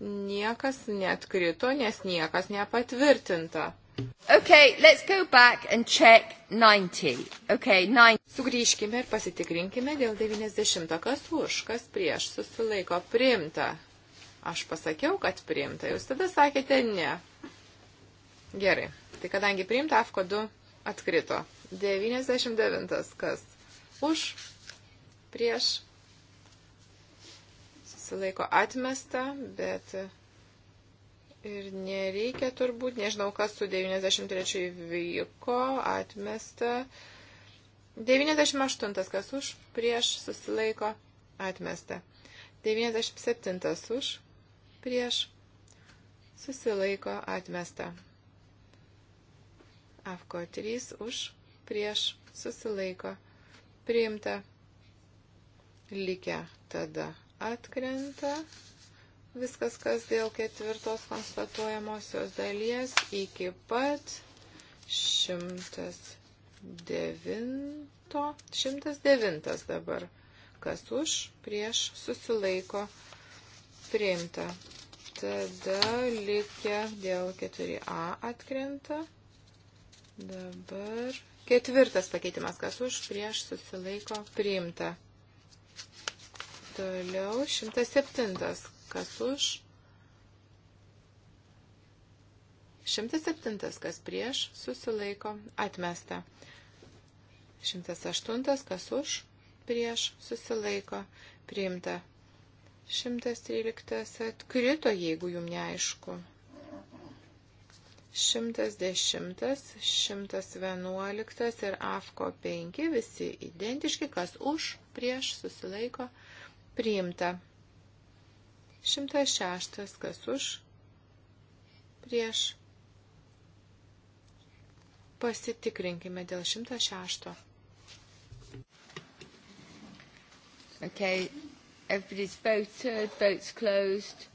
Niekas netkrito, nes niekas nepatvirtinta. Okay, let's go back and check 90. Okay, 90. Sugrįžkime ir pasitikrinkime dėl 90. Kas už, kas prieš, susilaiko, priimta. Aš pasakiau, kad priimta. Jūs tada sakėte ne. Gerai. Tai kadangi priimta, AFKO 2 atkrito. 99. Kas už, prieš, susilaiko, atmesta, bet Ir nereikia turbūt, nežinau, kas su 93 vyko, atmesta. 98 kas už, prieš, susilaiko, atmesta. 97 už, prieš, susilaiko, atmesta. Afko 3 už, prieš, susilaiko, priimta. Likę tada atkrenta viskas, kas dėl ketvirtos konstatuojamosios dalies iki pat 109, 109 dabar, kas už, prieš, susilaiko, priimta. Tada likę dėl 4a atkrenta. Dabar ketvirtas pakeitimas, kas už, prieš, susilaiko, priimta. Toliau 107, kas už. 107, kas prieš, susilaiko, atmesta. 108, kas už, prieš, susilaiko, priimta. 113 atkrito, jeigu jum neaišku. 110, 111 ir AFKO 5 visi identiški, kas už, prieš, susilaiko, priimta. 106. Kas už? Prieš. Pasitikrinkime dėl 106. Okay. Everybody's voted. Votes closed.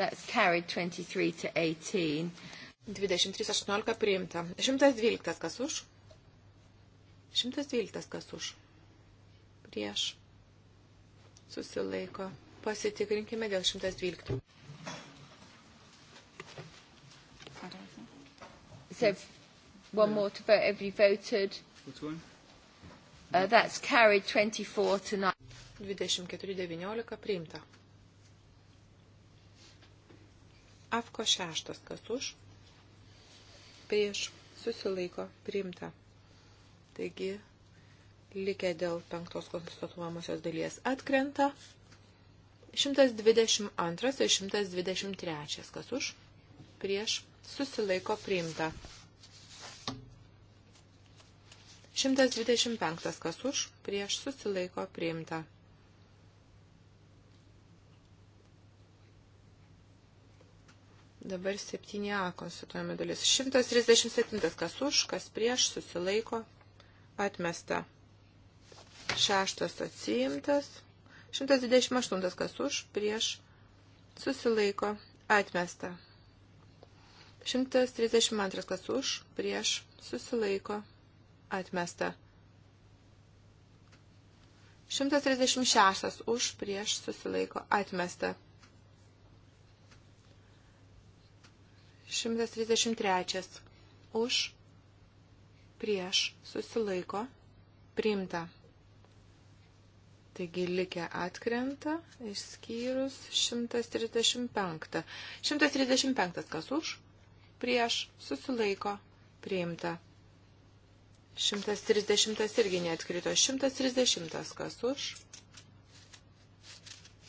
That's carried 23 to 18. 23.18 priimta. 112 kas už? 112 kas už? Prieš. Susilaiko. Pasitikrinkime dėl 112. So one more to vote. Everybody voted. What's going? Uh, that's carried 24 to 9. 24.19 priimta. Afko šeštas, kas už, prieš, susilaiko, priimta. Taigi, likę dėl penktos konstatuojamosios dalies atkrenta. 122 ir 123. Kas už? Prieš susilaiko priimta. 125. Kas už? Prieš susilaiko priimta. 127. Dabar 7a konstituojama dalis. 137. Kas už, kas prieš susilaiko atmesta. Šeštas atsiimtas. 128 kas už, prieš, susilaiko, atmesta. 132 kas už, prieš, susilaiko, atmesta. 136 už, prieš, susilaiko, atmesta. 133 už, prieš, susilaiko, priimta. Taigi likę atkrenta, išskyrus 135. 135 kas už, prieš, susilaiko, priimta. 130 irgi neatkrito. 130 kas už,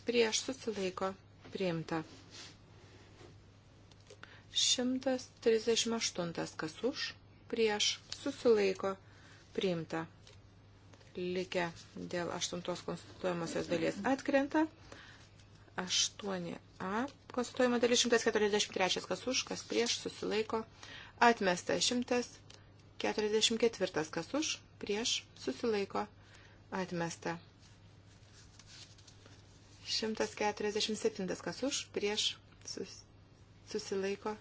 prieš, susilaiko, priimta. 138 kas už, prieš, susilaiko, priimta likę dėl 8 konstituojamosios dalies atkrenta. 8a konstituojama dalis 143, kas už, kas prieš, susilaiko. Atmesta 144, kas už, prieš, susilaiko. Atmesta. 147, kas už, prieš, susilaiko.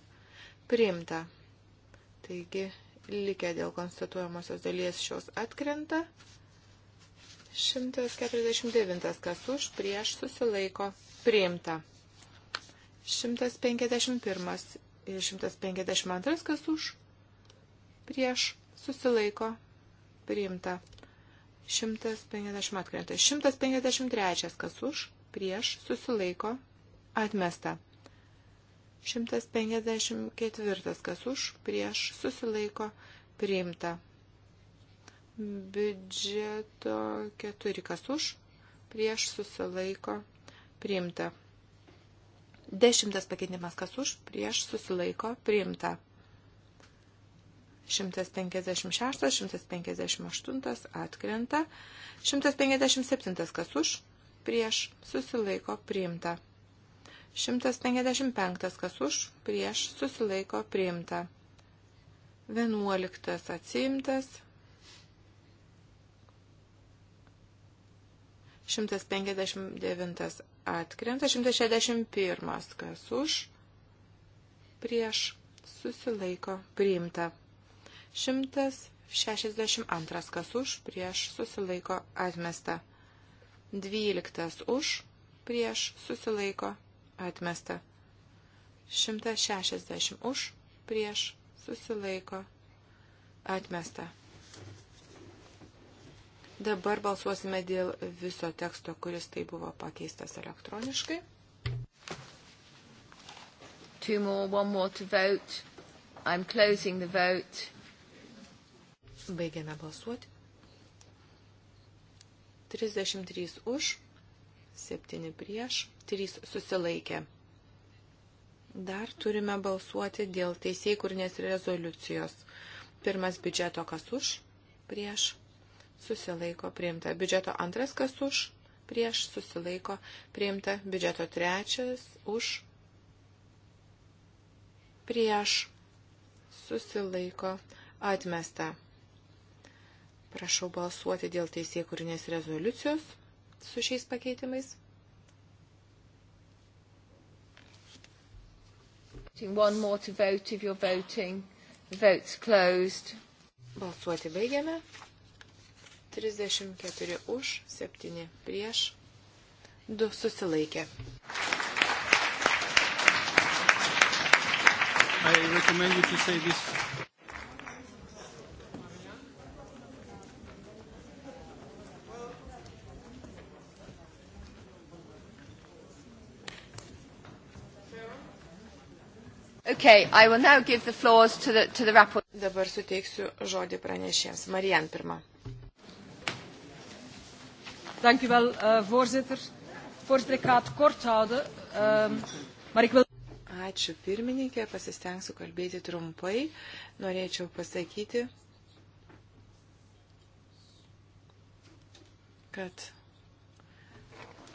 Priimta. Taigi, likę dėl konstatuojamosios dalies šios atkrenta. 149. Kas už prieš susilaiko priimta. 151 ir 152. Kas už prieš susilaiko priimta. 150 atkrenta. 153. Kas už prieš susilaiko atmesta. 154. Kas už prieš susilaiko priimta biudžeto 4, kas už, prieš susilaiko priimta. Dešimtas pakeitimas, kas už, prieš susilaiko priimta. 156, 158 atkrenta, 157 kas už, prieš susilaiko priimta. 155 kas už, prieš susilaiko priimta. 11 atsimtas, 159 atkrenta, 161 kas už, prieš susilaiko priimta. 162 kas už, prieš susilaiko atmesta. 12 už, prieš susilaiko atmesta. 160 už, prieš susilaiko atmesta. Dabar balsuosime dėl viso teksto, kuris tai buvo pakeistas elektroniškai. Two more, one more to vote. I'm closing the vote. Baigiame balsuoti. 33 už, 7 prieš, 3 susilaikė. Dar turime balsuoti dėl teisėjų kurnės rezoliucijos. Pirmas biudžeto kas už, prieš, susilaiko priimta. Biudžeto antras, kas už, prieš, susilaiko priimta. Biudžeto trečias, už, prieš, susilaiko atmesta. Prašau balsuoti dėl teisėkūrinės rezoliucijos su šiais pakeitimais. One more to vote if you're voting. The vote's closed. Balsuoti baigiame. 34 už, 7 prieš, 2 susilaikė. I recommend you to say this Okay, I will now give the floors to the, to the rapport. Dabar suteiksiu žodį pranešėms. Marijan pirmą. Dank u wel, uh, voorzitter. Voorzitter, ik ga het kort houden, um, maar ik wil... Ačiū pirmininkė, pasistengsiu kalbėti trumpai. Norėčiau pasakyti, kad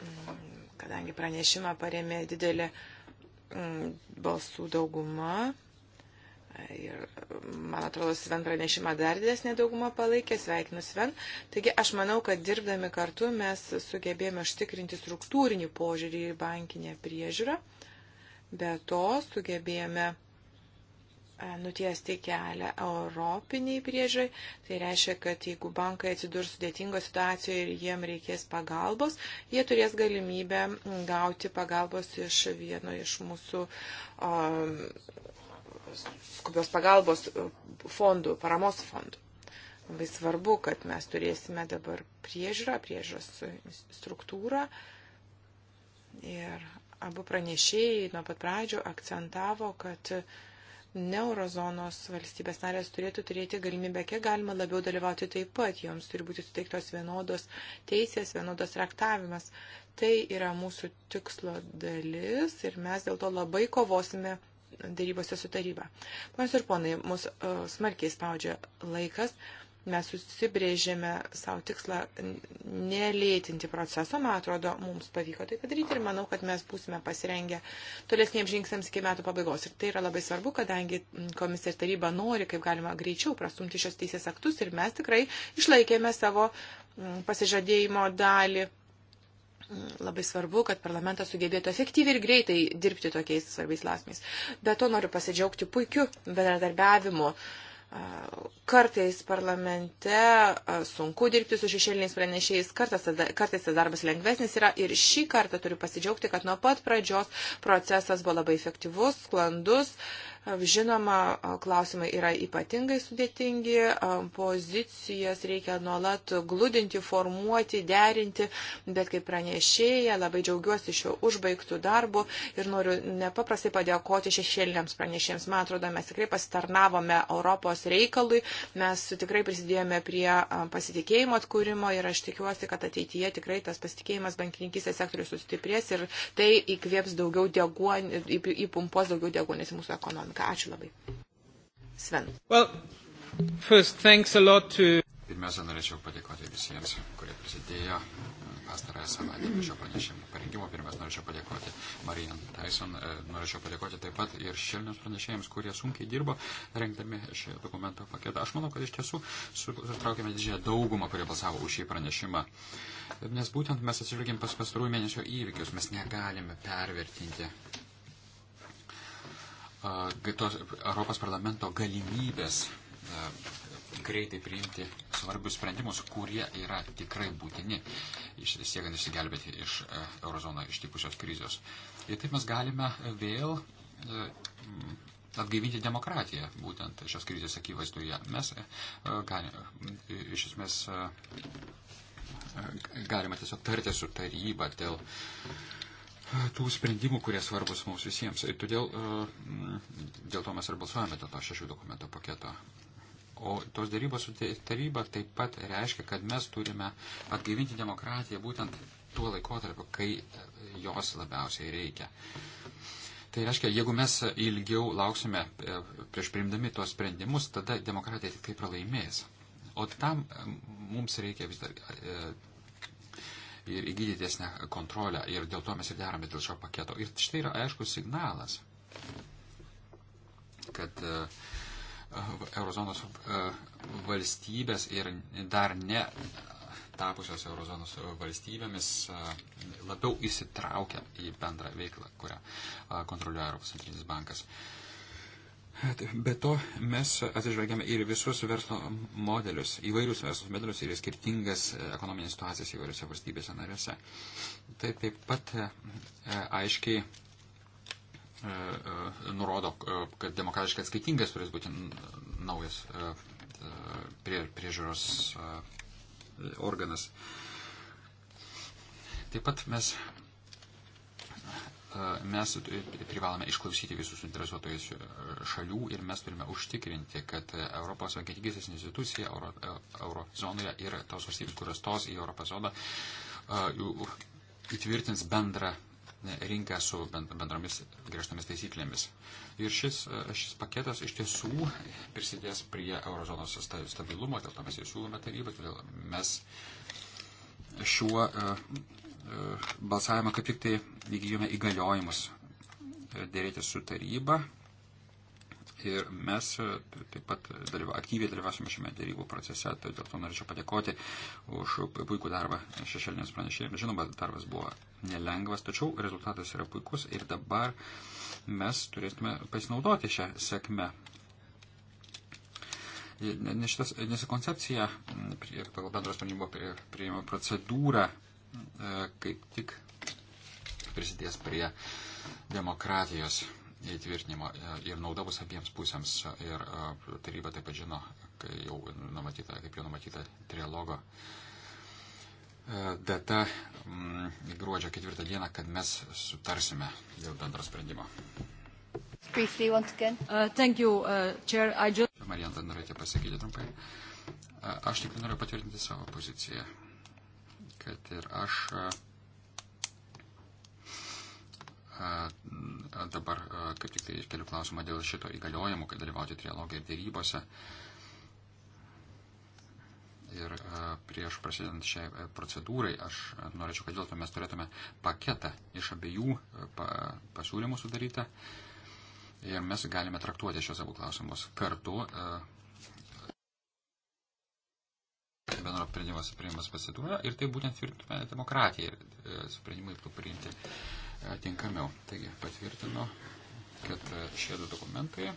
mm, kadangi pranešimą paremė didelė mm, balsų dauguma, Ir, man atrodo, Sven pranešimą dar didesnė dauguma palaikė, sveikinu Sven. Taigi aš manau, kad dirbdami kartu mes sugebėjome užtikrinti struktūrinį požiūrį į bankinę priežiūrą. Be to sugebėjome e, nutiesti kelią europiniai priežiūrai. Tai reiškia, kad jeigu bankai atsidurs sudėtingos situacijoje ir jiem reikės pagalbos, jie turės galimybę gauti pagalbos iš vieno iš mūsų. Um, skubios pagalbos e, fondų, paramos fondų. Labai svarbu, kad mes turėsime dabar priežiūrą, priežiūros struktūrą. Ir abu pranešėjai nuo pat pradžio akcentavo, kad neurozonos valstybės narės turėtų turėti galimybę kiek galima labiau dalyvauti taip pat, joms turi būti suteiktos vienodos teisės, vienodas traktavimas. Tai yra mūsų tikslo dalis ir mes dėl to labai kovosime darybose su taryba. Ponas ir ponai, mus e, smarkiai spaudžia laikas. Mes susibrėžėme savo tikslą nelėtinti proceso, man atrodo, mums pavyko tai padaryti ir manau, kad mes būsime pasirengę tolesniems žingsniams iki metų pabaigos. Ir tai yra labai svarbu, kadangi komisija ir taryba nori, kaip galima greičiau, prastumti šios teisės aktus ir mes tikrai išlaikėme savo pasižadėjimo dalį Labai svarbu, kad parlamentas sugebėtų efektyviai ir greitai dirbti tokiais svarbiais klausimais. Be to noriu pasidžiaugti puikiu bendradarbiavimu kartais parlamente sunku dirbti su šešėliniais pranešėjais, kartais, kartais tas darbas lengvesnis yra ir šį kartą turiu pasidžiaugti, kad nuo pat pradžios procesas buvo labai efektyvus, sklandus, uh, Žinoma, klausimai yra ypatingai sudėtingi, pozicijas reikia nuolat glūdinti, formuoti, derinti, bet kaip pranešėja labai džiaugiuosi šiuo užbaigtų darbu ir noriu nepaprastai padėkoti šešėliniams pranešėjams. Man atrodo, mes tikrai pasitarnavome Europos reikalui, mes tikrai prisidėjome prie pasitikėjimo atkūrimo ir aš tikiuosi, kad ateityje tikrai tas pasitikėjimas bankininkystės sektorius sustiprės ir tai įkvėps daugiau deguonį, įpumpos daugiau deguonės į mūsų ekonomiką ekonomiką. Ačiū labai. Sven. Well, first, to... Pirmiausia, norėčiau padėkoti visiems, kurie prisidėjo pastarąją savaitę prie šio pranešimo parengimo. Pirmiausia, norėčiau padėkoti Marijan Tyson, e, norėčiau padėkoti taip pat ir šelniams pranešėjams, kurie sunkiai dirbo rengdami šį dokumento paketą. Aš manau, kad iš tiesų sutraukėme didžiąją daugumą, kurie balsavo už šį pranešimą. Nes būtent mes atsižvelgėm pas pastarųjų mėnesio įvykius, mes negalime pervertinti tos Europos parlamento galimybės greitai priimti svarbius sprendimus, kurie yra tikrai būtini, iš, siekiant išsigelbėti iš eurozono ištikusios krizės. Ir taip mes galime vėl atgaivinti demokratiją, būtent šios krizės akivaizdoje. Mes galime, iš esmės galime tiesiog tarti su taryba dėl. Tai tų sprendimų, kurie svarbus mums visiems. Ir todėl e, dėl to mes ir balsuojame dėl to šešių dokumentų paketo. O tos darybos su taryba taip pat reiškia, kad mes turime atgaivinti demokratiją būtent tuo laikotarpiu, kai e, jos labiausiai reikia. Tai reiškia, jeigu mes ilgiau lauksime e, prieš priimdami tuos sprendimus, tada demokratija tik tai pralaimės. O tam mums reikia vis dar ir įgyti tiesnę kontrolę. Ir dėl to mes ir deramės dėl šio paketo. Ir štai yra aiškus signalas, kad e, eurozonos e, valstybės ir dar ne tapusios eurozonos valstybėmis e, labiau įsitraukia į bendrą veiklą, kurią kontroliuoja Europos centrinis bankas. Uh, Be to, mes atsižvelgiame ir visus verslo modelius, įvairius verslo modelius ir skirtingas e, ekonominės situacijas įvairiose valstybėse narėse. Tai taip pat e, aiškiai e, nurodo, kad demokratiškai atskaitingas turės būti naujas prie, priežiūros organas. Taip pat mes E, mes e, privalome išklausyti visus suinteresuotojus e, šalių ir mes turime užtikrinti, kad Europos vangetygysės institucija Euro, Eurozonoje ir tos valstybės, kurios tos į Europos zoną įtvirtins bendrą rinką su bendromis griežtomis taisyklėmis. Ir šis, šis paketas iš tiesų prisidės prie eurozonos stabilumo, dėl to mes ir siūlome tarybą, todėl mes šiuo balsavimą kaip tik tai įgyjome įgaliojimus e, dėrėti su taryba. Ir mes e, taip pat dalyva, aktyviai dalyvausime šiame dėrybų procese, tai dėl to norėčiau padėkoti už puikų darbą šešėlinės pranešėjams. Žinoma, darbas buvo nelengvas, tačiau rezultatas yra puikus ir dabar mes turėtume pasinaudoti šią sėkmę. Nes, šitas, nes koncepcija, bendros sprendimo prieimimo procedūra E, kaip tik prisidės prie demokratijos įtvirtinimo e, ir nauda bus abiems pusėms. Ir e, taryba taip pat žino, kai jau numatyta, kaip jau numatyta trialogo data mm, gruodžio ketvirtą dieną, kad mes sutarsime dėl bendro sprendimo. Briefly, once again. Uh, thank you, uh, Chair. I just... Marijan, dar norėčiau pasakyti trumpai. Aš tik noriu patvirtinti savo poziciją kad ir aš dabar kaip tik tai iškeliu klausimą dėl šito įgaliojimo, kad dalyvauti trialogai ir dėrybose. Ir prieš prasidant šiai procedūrai, aš norėčiau, kad dėl to mes turėtume paketą iš abiejų pasiūlymų sudarytą. Ir mes galime traktuoti šios abu klausimus kartu, ir bendro sprendimo suprimimas procedūrą ir tai būtent tvirtume demokratiją ir e, sprendimai priimti e, tinkamiau. Taigi patvirtinu, kad e, šie du dokumentai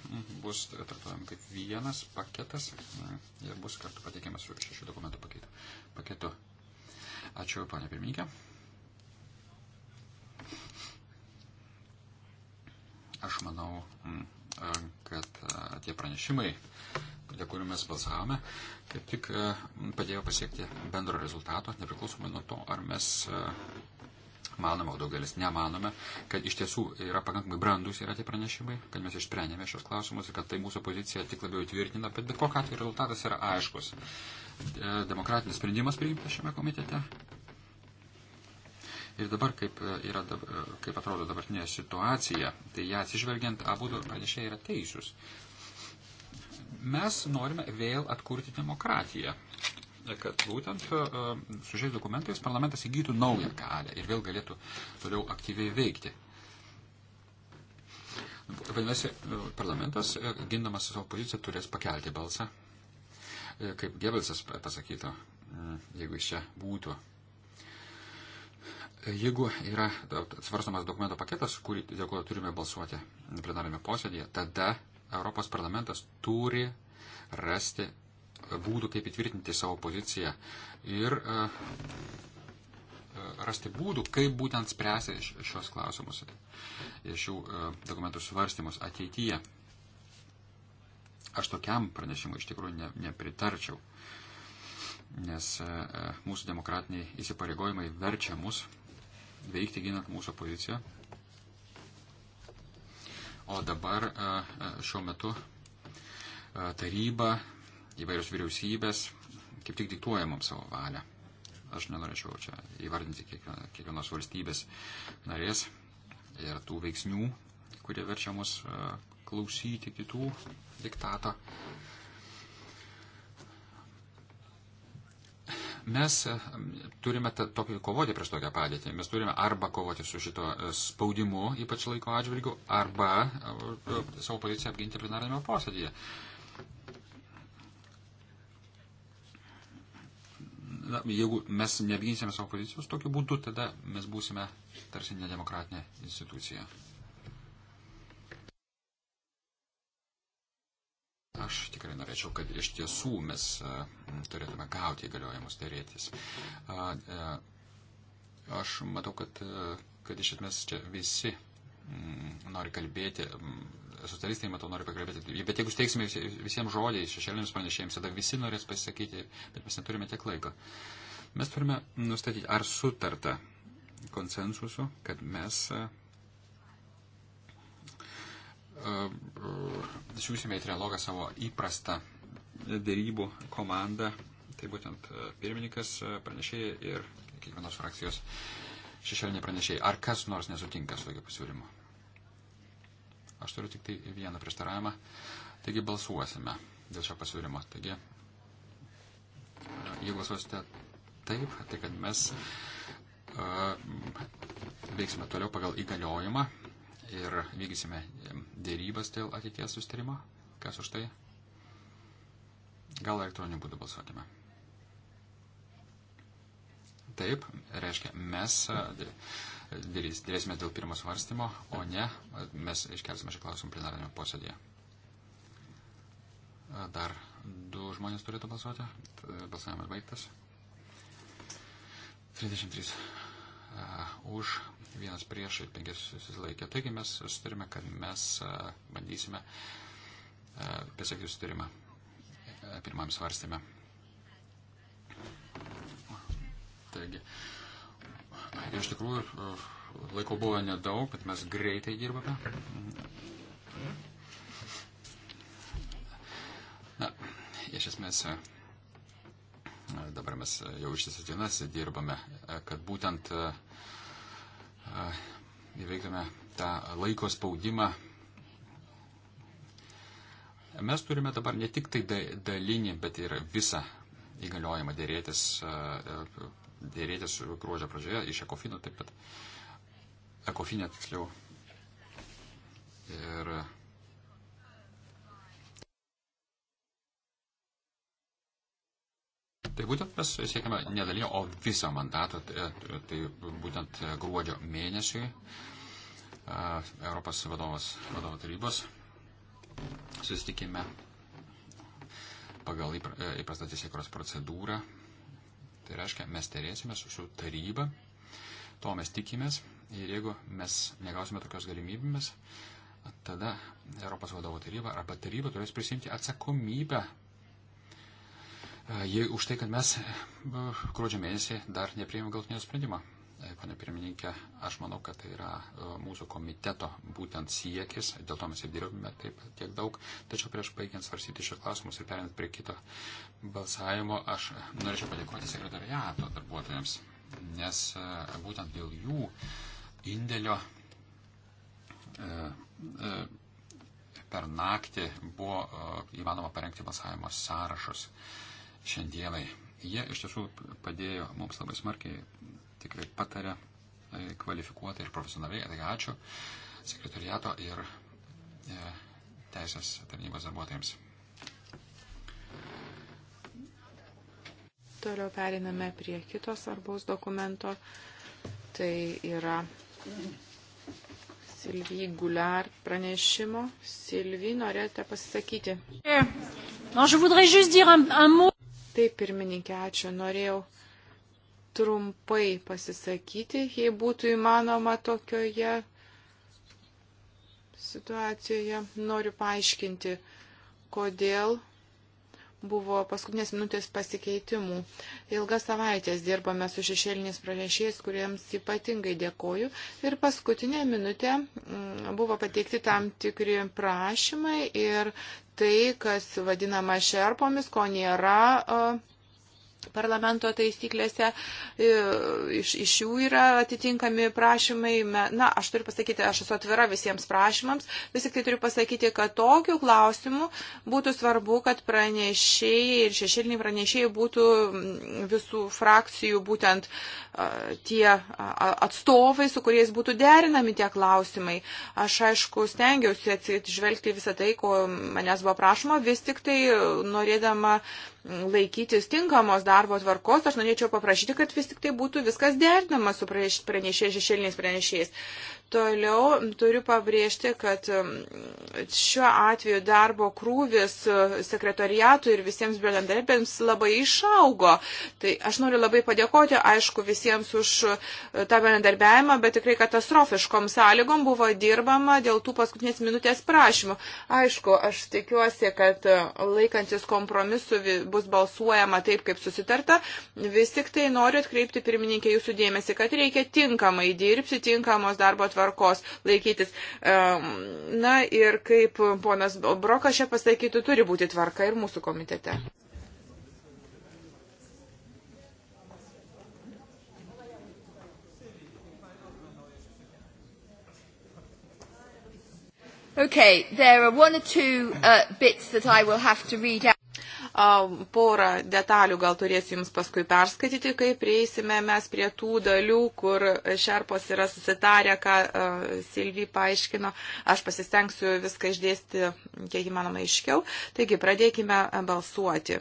bus traktuojami kaip vienas paketas mm, ir bus kartu pateikiamas su šešių dokumentų paketu. paketu. Ačiū, panė pirmininkė. Aš manau, mm, kad tie pranešimai dėl kurių mes balsavome, kaip tik e, padėjo pasiekti bendro rezultato, nepriklausomai nuo to, ar mes e, manome, o daugelis nemanome, kad iš tiesų yra pakankamai brandus yra tie pranešimai, kad mes išsprendėme šios klausimus ir kad tai mūsų pozicija tik labiau įtvirtina, bet bet kokiu atveju rezultatas yra aiškus. E, demokratinis sprendimas priimtas šiame komitete. Ir dabar, kaip, yra, kaip atrodo dabartinė situacija, tai ją atsižvelgiant, abu pranešėjai yra teisūs. Mes norime vėl atkurti demokratiją kad būtent e, su šiais dokumentais parlamentas įgytų naują galę ir vėl galėtų toliau aktyviai veikti. Vadinasi, e, parlamentas, e, gindamas savo poziciją, turės pakelti balsą. Kaip Gebelsas pasakytų, jeigu jis čia būtų. Jeigu yra svarstamas dokumento paketas, kurį, dėl kurio turime balsuoti plenarėme posėdėje, tada Europos parlamentas turi rasti būdų, kaip įtvirtinti savo poziciją ir e, e, rasti būdų, kaip būtent spręsti šios klausimus, šių e, dokumentų svarstymus ateityje. Aš tokiam pranešimui iš tikrųjų ne, nepritarčiau, nes mūsų demokratiniai įsipareigojimai verčia mus veikti ginant mūsų poziciją O dabar šiuo metu taryba, įvairios vyriausybės kaip tik diktuoja mums savo valią. Aš nenorėčiau čia įvardinti kiekvienos valstybės narės ir tų veiksnių, kurie verčia mus klausyti kitų diktato. Mes e, turime tokį kovoti prieš tokią padėtį. Mes turime arba kovoti su šito e, spaudimu, ypač laiko atžvilgiu, arba e, savo poziciją apginti plenarinėme posėdėje. Na, jeigu mes neapginsime savo pozicijos tokiu būdu, tada mes būsime tarsi nedemokratinė institucija. Aš tikrai norėčiau, kad iš tiesų mes e, turėtume gauti įgaliojimus dėrėtis. E, aš matau, kad, e, kad iš esmės čia visi mm, nori kalbėti, mm, socialistai, matau, nori pakalbėti, tai, bet jeigu steiksime visiems žodžiais, šešėlėms pranešėjams, tada visi norės pasisakyti, bet mes neturime tiek laiko. Mes turime nustatyti, ar sutarta konsensusu, kad mes siūsime ehm, į trialogą savo įprastą dėrybų komandą, tai būtent e, pirmininkas e, pranešėjai ir kiekvienos frakcijos šešėlinė pranešėjai. Ar kas nors nesutinka su tokiu pasiūlymu? Aš turiu tik tai vieną prieštaravimą. Taigi balsuosime dėl šio pasiūlymo. Taigi, e, jeigu balsuosite taip, tai kad mes uh, veiksime toliau pagal įgaliojimą ir vykdysime dėrybas dėl ateities sustarimo. Kas už tai? Gal elektroniniu būdu balsuokime. Taip, reiškia, mes dėrėsime dėl pirmo svarstymo, o ne mes iškelsime šį klausimą plenarinio posėdėje. Dar du žmonės turėtų balsuoti. Balsavimas baigtas. 33 E, už, vienas prieš ir penki susilaikė. Taigi mes susitarime, kad mes e, bandysime e, pasiekti susitarimą pirmam svarstymę. Taigi, iš tikrųjų, laiko buvo nedaug, bet mes greitai dirbame. Na, iš esmės. Uh, dabar mes jau ištisas dienas dirbame, kad būtent e, e, įveiktume tą laiko spaudimą. Mes turime dabar ne tik tai dalinį, bet ir visą įgaliojimą dėrėtis, e, dėrėtis gruodžio pradžioje iš ekofino taip pat. Ekofinė tiksliau. Ir Tai būtent mes siekiame nedalinio, o viso mandato, tai, tai būtent gruodžio mėnesiui Europos vadovas, vadovo tarybos susitikime pagal e, įprastą teisėkros procedūrą. Tai reiškia, mes terėsime su, su taryba, to mes tikimės ir jeigu mes negausime tokios galimybėmis, tada Europos vadovo taryba arba taryba turės prisimti atsakomybę jei už tai, kad mes gruodžio mėnesį dar neprieimėm galtinio sprendimo. E, pane pirmininkė, aš manau, kad tai yra e, mūsų komiteto būtent siekis, dėl to mes ir dirbame taip tiek daug. Tačiau prieš baigiant svarstyti šios klausimus ir perinant prie kito balsavimo, aš norėčiau padėkoti sekretariato darbuotojams, nes e, būtent dėl jų indėlio per naktį buvo įmanoma parengti balsavimo sąrašus šiandienai. Jie iš tiesų padėjo mums labai smarkiai, tikrai patarė e, kvalifikuotai ir profesionaliai. Tai ačiū sekretariato ir e, teisės tarnybos darbuotojams. Toliau periname prie kito svarbaus dokumento. Tai yra Silvijai Gular pranešimo. Silvijai, norėjote pasisakyti? Non, je voudrais juste dire un, un mot. Taip, pirmininkė, ačiū. Norėjau trumpai pasisakyti, jei būtų įmanoma tokioje situacijoje. Noriu paaiškinti, kodėl buvo paskutinės minutės pasikeitimų. Ilgas savaitės dirbame su šešėliniais pranešėjais, kuriems ypatingai dėkoju. Ir paskutinė minutė mm, buvo pateikti tam tikri prašymai ir tai, kas vadinama šerpomis, ko nėra. Uh, parlamento taisyklėse, e, iš, iš jų yra atitinkami prašymai. Na, aš turiu pasakyti, aš esu atvira visiems prašymams, vis tik tai turiu pasakyti, kad tokiu klausimu būtų svarbu, kad pranešėjai ir šešėliniai pranešėjai būtų visų frakcijų būtent tie atstovai, su kuriais būtų derinami tie klausimai. Aš aišku stengiausi atsižvelgti visą tai, ko manęs buvo prašoma, vis tik tai norėdama laikytis tinkamos darbo tvarkos, aš norėčiau paprašyti, kad vis tik tai būtų viskas derinama su pranešėjais šešėliniais pranešėjais. Toliau turiu pabrėžti, kad um, šiuo atveju darbo krūvis uh, sekretariatui ir visiems bendradarbiams labai išaugo. Tai aš noriu labai padėkoti, aišku, visiems už uh, tą bendradarbiavimą, bet tikrai katastrofiškom sąlygom buvo dirbama dėl tų paskutinės minutės prašymų. Aišku, aš tikiuosi, kad uh, laikantis kompromisu bus balsuojama taip, kaip susitarta. Vis tik tai noriu atkreipti pirmininkė jūsų dėmesį, kad reikia tinkamai dirbti, tinkamos darbo tvarkos tvarkos laikytis. Na ir kaip ponas Brokas čia pasakytų, turi būti tvarka ir mūsų komitete. Okay, there are one or two uh, bits that I will have to read out. Porą detalių gal turėsiu Jums paskui perskaityti, kai prieisime mes prie tų dalių, kur šerpos yra susitarę, ką Silvi paaiškino. Aš pasistengsiu viską išdėsti kiek įmanoma aiškiau. Taigi, pradėkime balsuoti.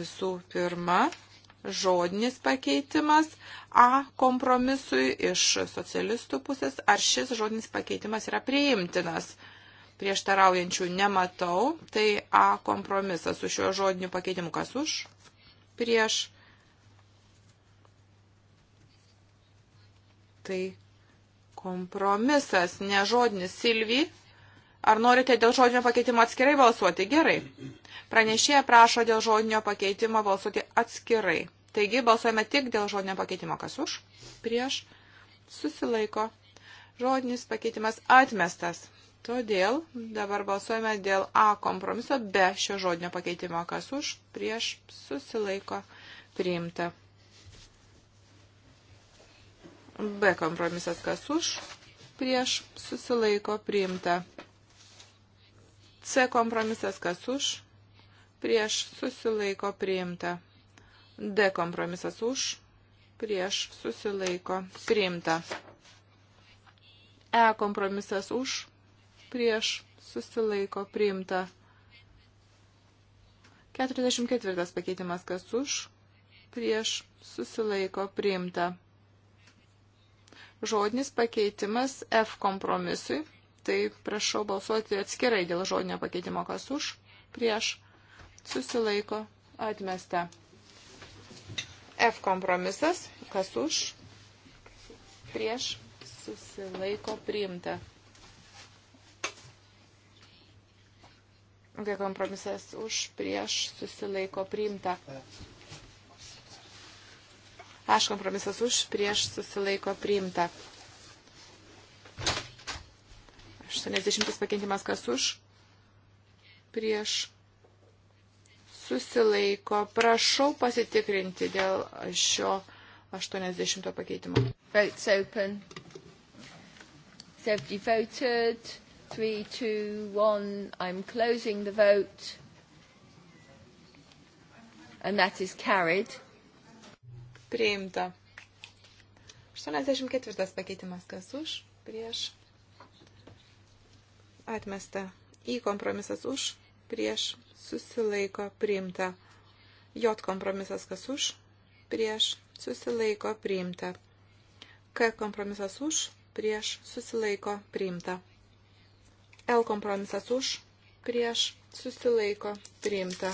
Visų pirma, žodinis pakeitimas A kompromisui iš socialistų pusės, ar šis žodinis pakeitimas yra priimtinas prieštaraujančių nematau, tai A kompromisas su šiuo žodiniu pakeitimu kas už, prieš, tai kompromisas, nežodinis Silvi. Ar norite dėl žodinio pakeitimo atskirai balsuoti? Gerai. Pranešėja prašo dėl žodinio pakeitimo balsuoti atskirai. Taigi balsuojame tik dėl žodinio pakeitimo. Kas už? Prieš. Susilaiko. Žodinis pakeitimas atmestas. Todėl dabar balsuojame dėl A kompromiso be šio žodinio pakeitimo, kas už, prieš, susilaiko, priimta. B kompromisas, kas už, prieš, susilaiko, priimta. C kompromisas, kas už, prieš, susilaiko, priimta. D kompromisas už, prieš, susilaiko, priimta. E kompromisas už, prieš susilaiko priimta. 44 pakeitimas kas už, prieš susilaiko priimta. Žodinis pakeitimas F kompromisui, tai prašau balsuoti atskirai dėl žodinio pakeitimo kas už, prieš susilaiko atmesta. F kompromisas, kas už, prieš susilaiko priimta. G kompromisas už, prieš, susilaiko priimta. Aš kompromisas už, prieš, susilaiko priimta. 80 pakeitimas kas už, prieš, susilaiko. Prašau pasitikrinti dėl šio 80 pakeitimo. Votes open. Safety voted. Three, two, one. I'm closing the vote. And that is carried. Priimta. 84 pakeitimas kas už, prieš. Atmesta. Į kompromisas už, prieš. Susilaiko, priimta. J kompromisas kas už, prieš. Susilaiko, priimta. K kompromisas už, prieš. Susilaiko, priimta. L kompromisas už, prieš, susilaiko, priimta.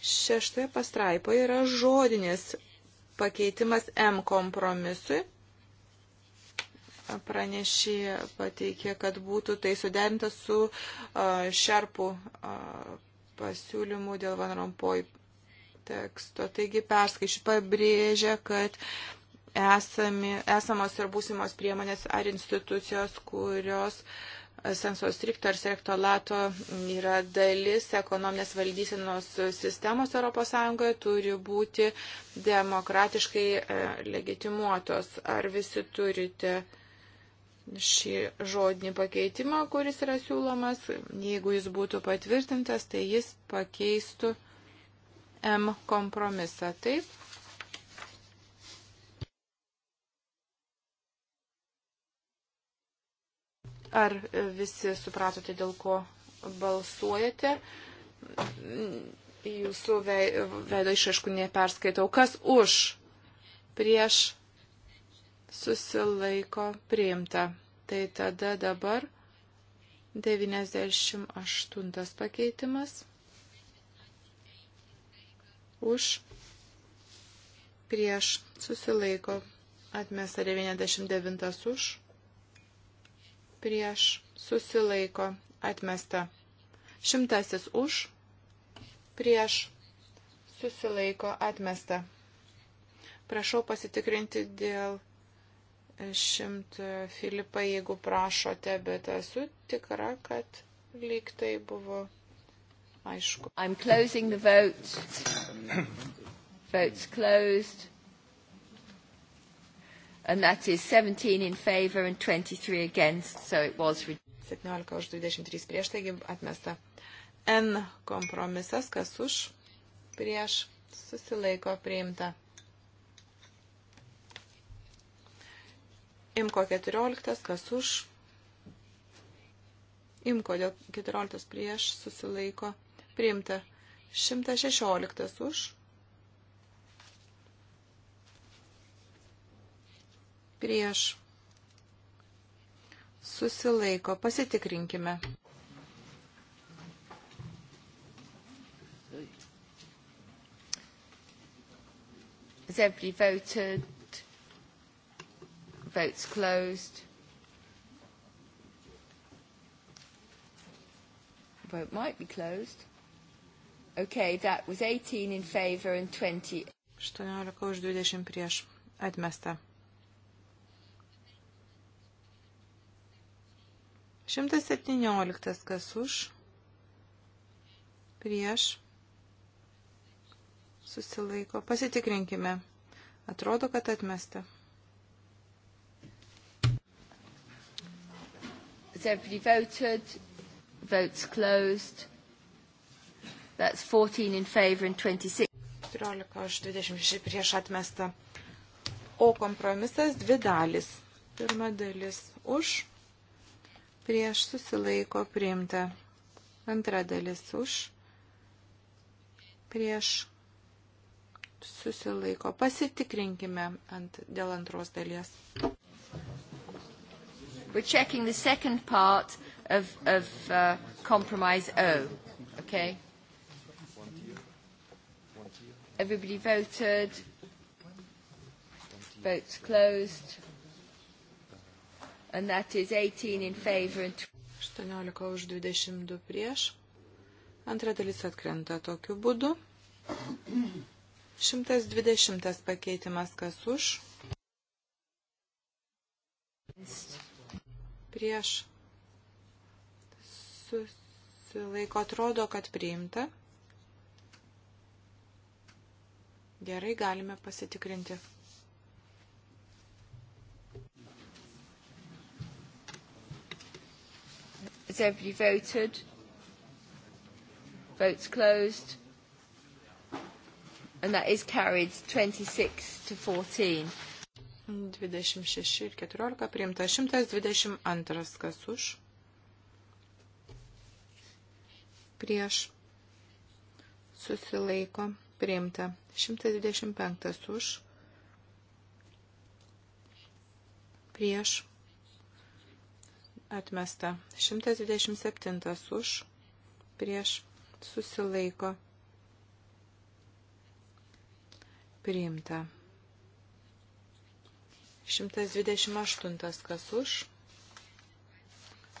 Šeštoje pastraipoje yra žodinis pakeitimas M kompromisui. Pranešė pateikė, kad būtų tai suderinta su šerpų pasiūlymų dėl Van Rompoj teksto. Taigi perskaičiu pabrėžia, kad uh, esami, esamos ir būsimos priemonės ar institucijos, kurios senso strikto ar sekto lato yra dalis ekonominės valdysenos sistemos ES turi būti demokratiškai e, legitimuotos. Ar visi turite šį žodinį pakeitimą, kuris yra siūlomas? Jeigu jis būtų patvirtintas, tai jis pakeistų M kompromisą. Taip? Ar visi supratote, dėl ko balsuojate? Jūsų veido išaiškų neperskaitau. Kas už? Prieš susilaiko priimta. Tai tada dabar 98 pakeitimas. Už prieš susilaiko atmesta 99 už prieš susilaiko atmesta. Šimtasis už prieš susilaiko atmesta. Prašau pasitikrinti dėl šimt Filipai, jeigu prašote, bet esu tikra, kad lyg tai buvo aišku. I'm closing the vote. Votes closed and that is 17 in favor and 23 against, so it was 17 už 23 prieš, taigi atmesta. N kompromisas, kas už, prieš, susilaiko priimta. Imko 14, kas už, Imko 14 prieš, susilaiko priimta. 116 už, prieš susilaiko. Pasitikrinkime. Has everybody voted? Votes closed. Vote might be closed. Okay, that was 18 in favour and 20. 18 už 20 prieš. Atmesta. 117 kas už, prieš, susilaiko. Pasitikrinkime. Atrodo, kad atmesta. Has everybody voted? Votes closed. That's 14 in favour and 26. 14 už 26 prieš atmestą. O kompromisas dvi dalis. Pirma dalis už, prieš susilaiko priimta. Antra dalis už, prieš susilaiko. Pasitikrinkime ant, dėl antros dalies. We're checking the second part of, of uh, compromise O. Okay? Everybody voted. Votes closed and that is 18 in favor and 18 už 22 prieš. Antra dalis atkrenta tokiu būdu. 120 pakeitimas kas už. Prieš. Susilaiko atrodo, kad priimta. Gerai, galime pasitikrinti. Has everybody voted? Votes closed. And that is carried 26 to 14. 26 ir 14 priimta 122 kas už. Prieš susilaiko priimta 125 už. Prieš Atmesta. 127 už. Prieš. Susilaiko. Priimta. 128 kas už.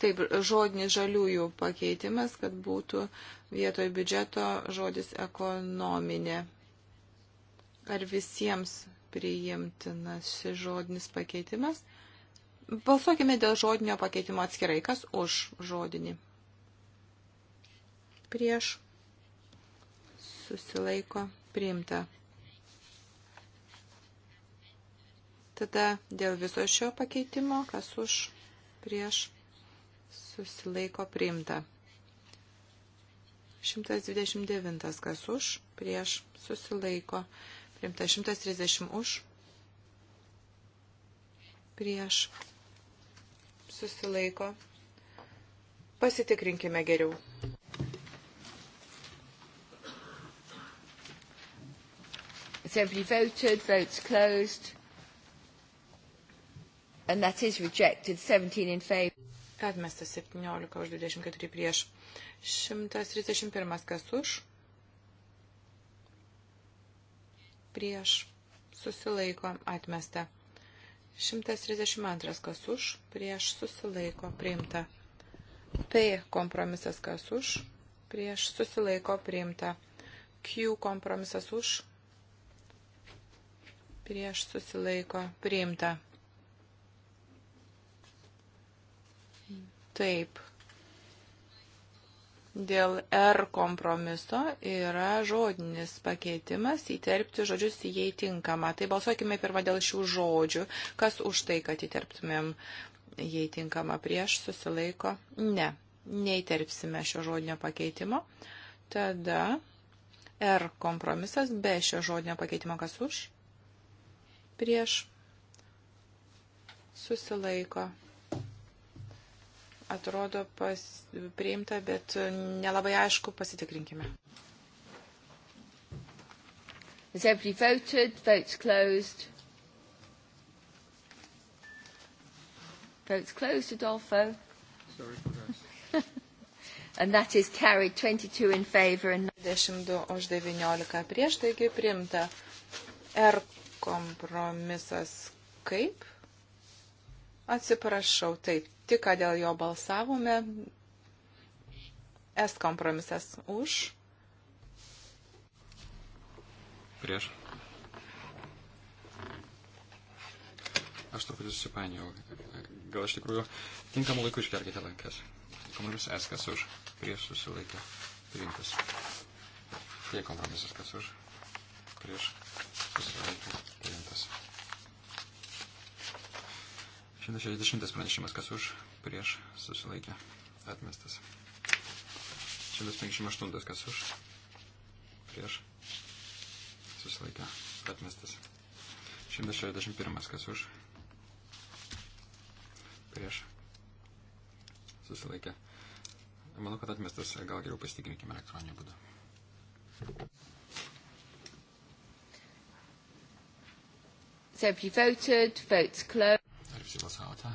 Taip, žodinis žaliųjų pakeitimas, kad būtų vietoj biudžeto žodis ekonominė. Ar visiems priimtinas šis žodinis pakeitimas? Balsuokime dėl žodinio pakeitimo atskirai. Kas už žodinį? Prieš. Susilaiko. Priimta. Tada dėl viso šio pakeitimo, kas už, prieš, susilaiko priimta. 129, kas už, prieš, susilaiko priimta. 130 už, prieš, susilaiko. Pasitikrinkime geriau. Has everybody voted? Votes closed. And that is rejected. 17 in favour. Atmestas 17 už 24 prieš. 131 kas už. Prieš. Susilaiko. Atmesta. 132 kas už, prieš susilaiko priimta. P kompromisas kas už, prieš susilaiko priimta. Q kompromisas už, prieš susilaiko priimta. Taip, dėl R kompromiso yra žodinis pakeitimas įterpti žodžius į jį tinkamą. Tai balsuokime pirmą dėl šių žodžių. Kas už tai, kad įterptumėm jį tinkamą prieš susilaiko? Ne. Neįterpsime šio žodinio pakeitimo. Tada R kompromisas be šio žodinio pakeitimo kas už? Prieš susilaiko atrodo pas, priimta, bet nelabai aišku, pasitikrinkime. Has everybody voted? Votes closed. Votes closed, Adolfo. Sorry for that. <laughs> and that is carried 22 in favour and 22 už 19 prieš, taigi priimta. R kompromisas kaip? Atsiprašau, taip, tik ką dėl jo balsavome. S kompromisas už. Prieš. Aš truputį susipainiojau. Gal iš tikrųjų tinkamų laikų iškelkite lankas. Kompromisas S kas už. Prieš susilaikė. Priimtas. Tai kompromisas kas už. Prieš susilaikė. 160 pranešimas, kas už, prieš, susilaikė, atmestas. 158, kas už, prieš, susilaikė, atmestas. 161, kas už, prieš, susilaikė. Manau, kad atmestas, gal geriau pasitikrinkime elektroniniu būdu. So if you voted, votes closed. Visi balsavote.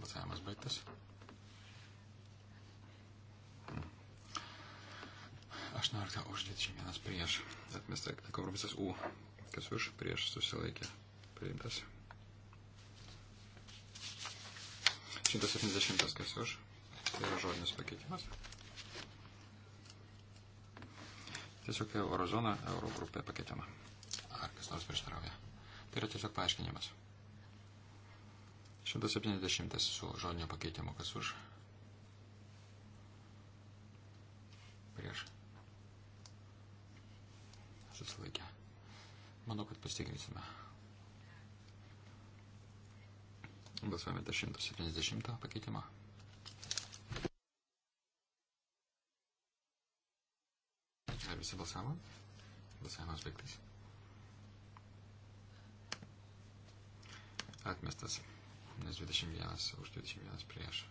Balsavimas baigtas. Aš noriu už 21 prieš. Atmesta kompromisas U. Kas už prieš susilaikė. Priimtas. 170 kas už. Tai yra žodinis pakeitimas. Tiesiog eurozona, eurogrupė pakeitama. Ar kas nors prieštarauja. Tai yra tiesiog paaiškinimas. 170 su žodinio pakeitimu, kas už. Prieš. Susilaikę. Manau, kad pasitikrinsime. Balsuojame dėl 170 pakeitimo. Ar visi balsavo? Balsavimas baigtas. Atmestas nes 21 už 21 prieš.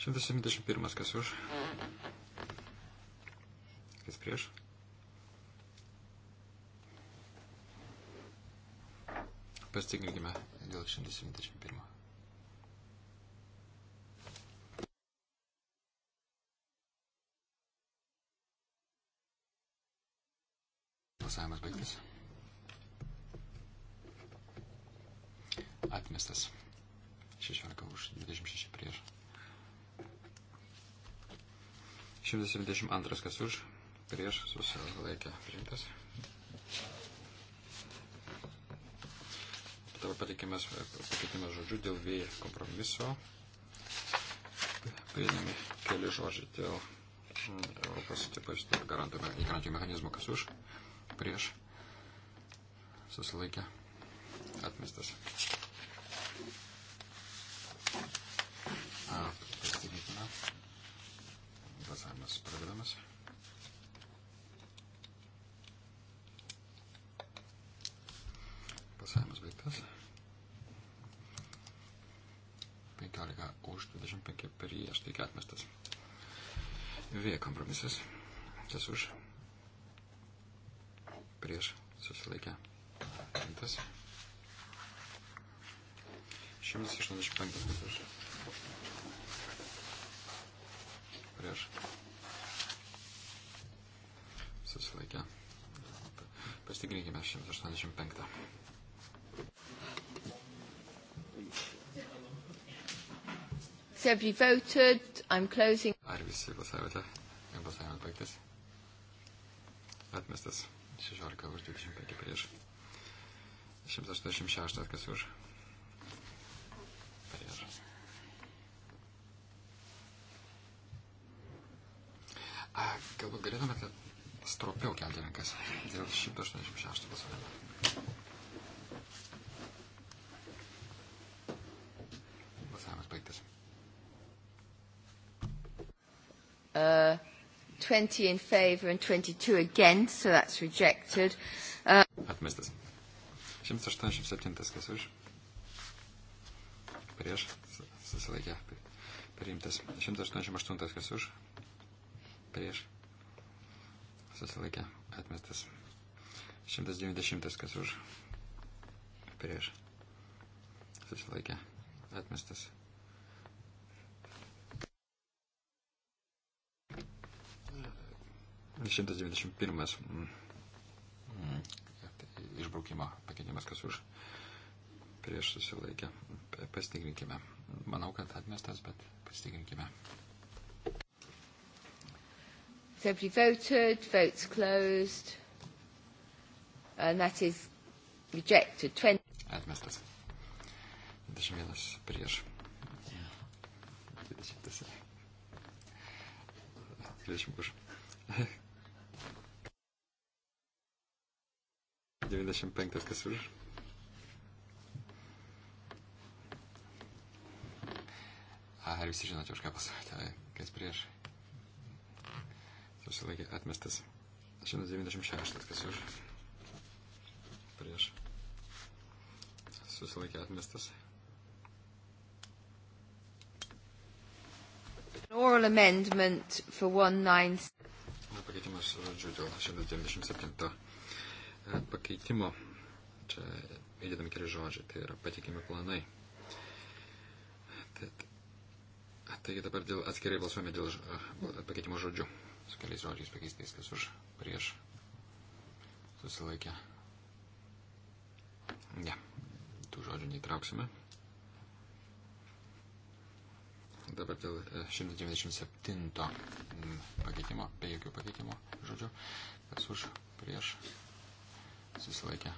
Šimtas septyniasdešimt pirmas, kas už? Kas prieš? Pastikrinkime dėl 171. Balsavimas baigtas. Atmestas. 16 už 26 prieš. 172 kas už, prieš susilaikė priimtas. Dabar pateikėmės pakeitimas žodžių dėl V kompromiso. Prieinami keli žodžiai dėl mm, Europos taip pat garantijų mechanizmo, kas už, prieš susilaikė atmestas. A, pasitikėkime. Balsavimas pradedamas. Balsavimas baigtas. 15 už 25 prieš, tai atmestas. V kompromisas. Kas už? prieš susilaikę atmestas. 185 už. Prieš. Susilaikę. Pastikrinkime 185. Every voted. I'm closing. Ar visi balsavote? Balsavimas baigtas. Atmestas. 16 už 25 prieš. 186 kas už. Prieš. A, galbūt galėtumėte stropiau kelti rankas dėl 186 balsavimo. 20 in favour and 22 against, so that's rejected. Uh, Atmestas. 187 kas už. Prieš susilaikė. Priimtas. 188 kas už. Prieš susilaikė. Atmestas. 190 kas už. Prieš susilaikė. Atmestas. 191 mm. mm. išbraukimo pakeitimas, kas už prieš susilaikė. Pasitikrinkime. Manau, kad atmestas, bet pasitikrinkime. Every voted, votes closed, and that is rejected. 20. Atmestas. 21 prieš. 20. 20 už. 25 kas už. Ar visi žinote, už ką pasakėte, kas prieš? Susilaikė atmestas. 196 kas už. Prieš. Susilaikė atmestas. Oral amendment for 19. Pakeitimas žodžiu dėl 197 pakeitimo. Čia įdedami keli žodžiai, tai yra patikimi planai. Tad, taigi dabar dėl, atskirai balsuojame dėl pakeitimo žodžių. Su keliais žodžiais pakeistais, kas už prieš susilaikė. Ne, tų žodžių neįtrauksime. Dabar dėl 197 e, mm, pakeitimo, be jokių pakeitimo žodžių, kas už prieš susilaikę.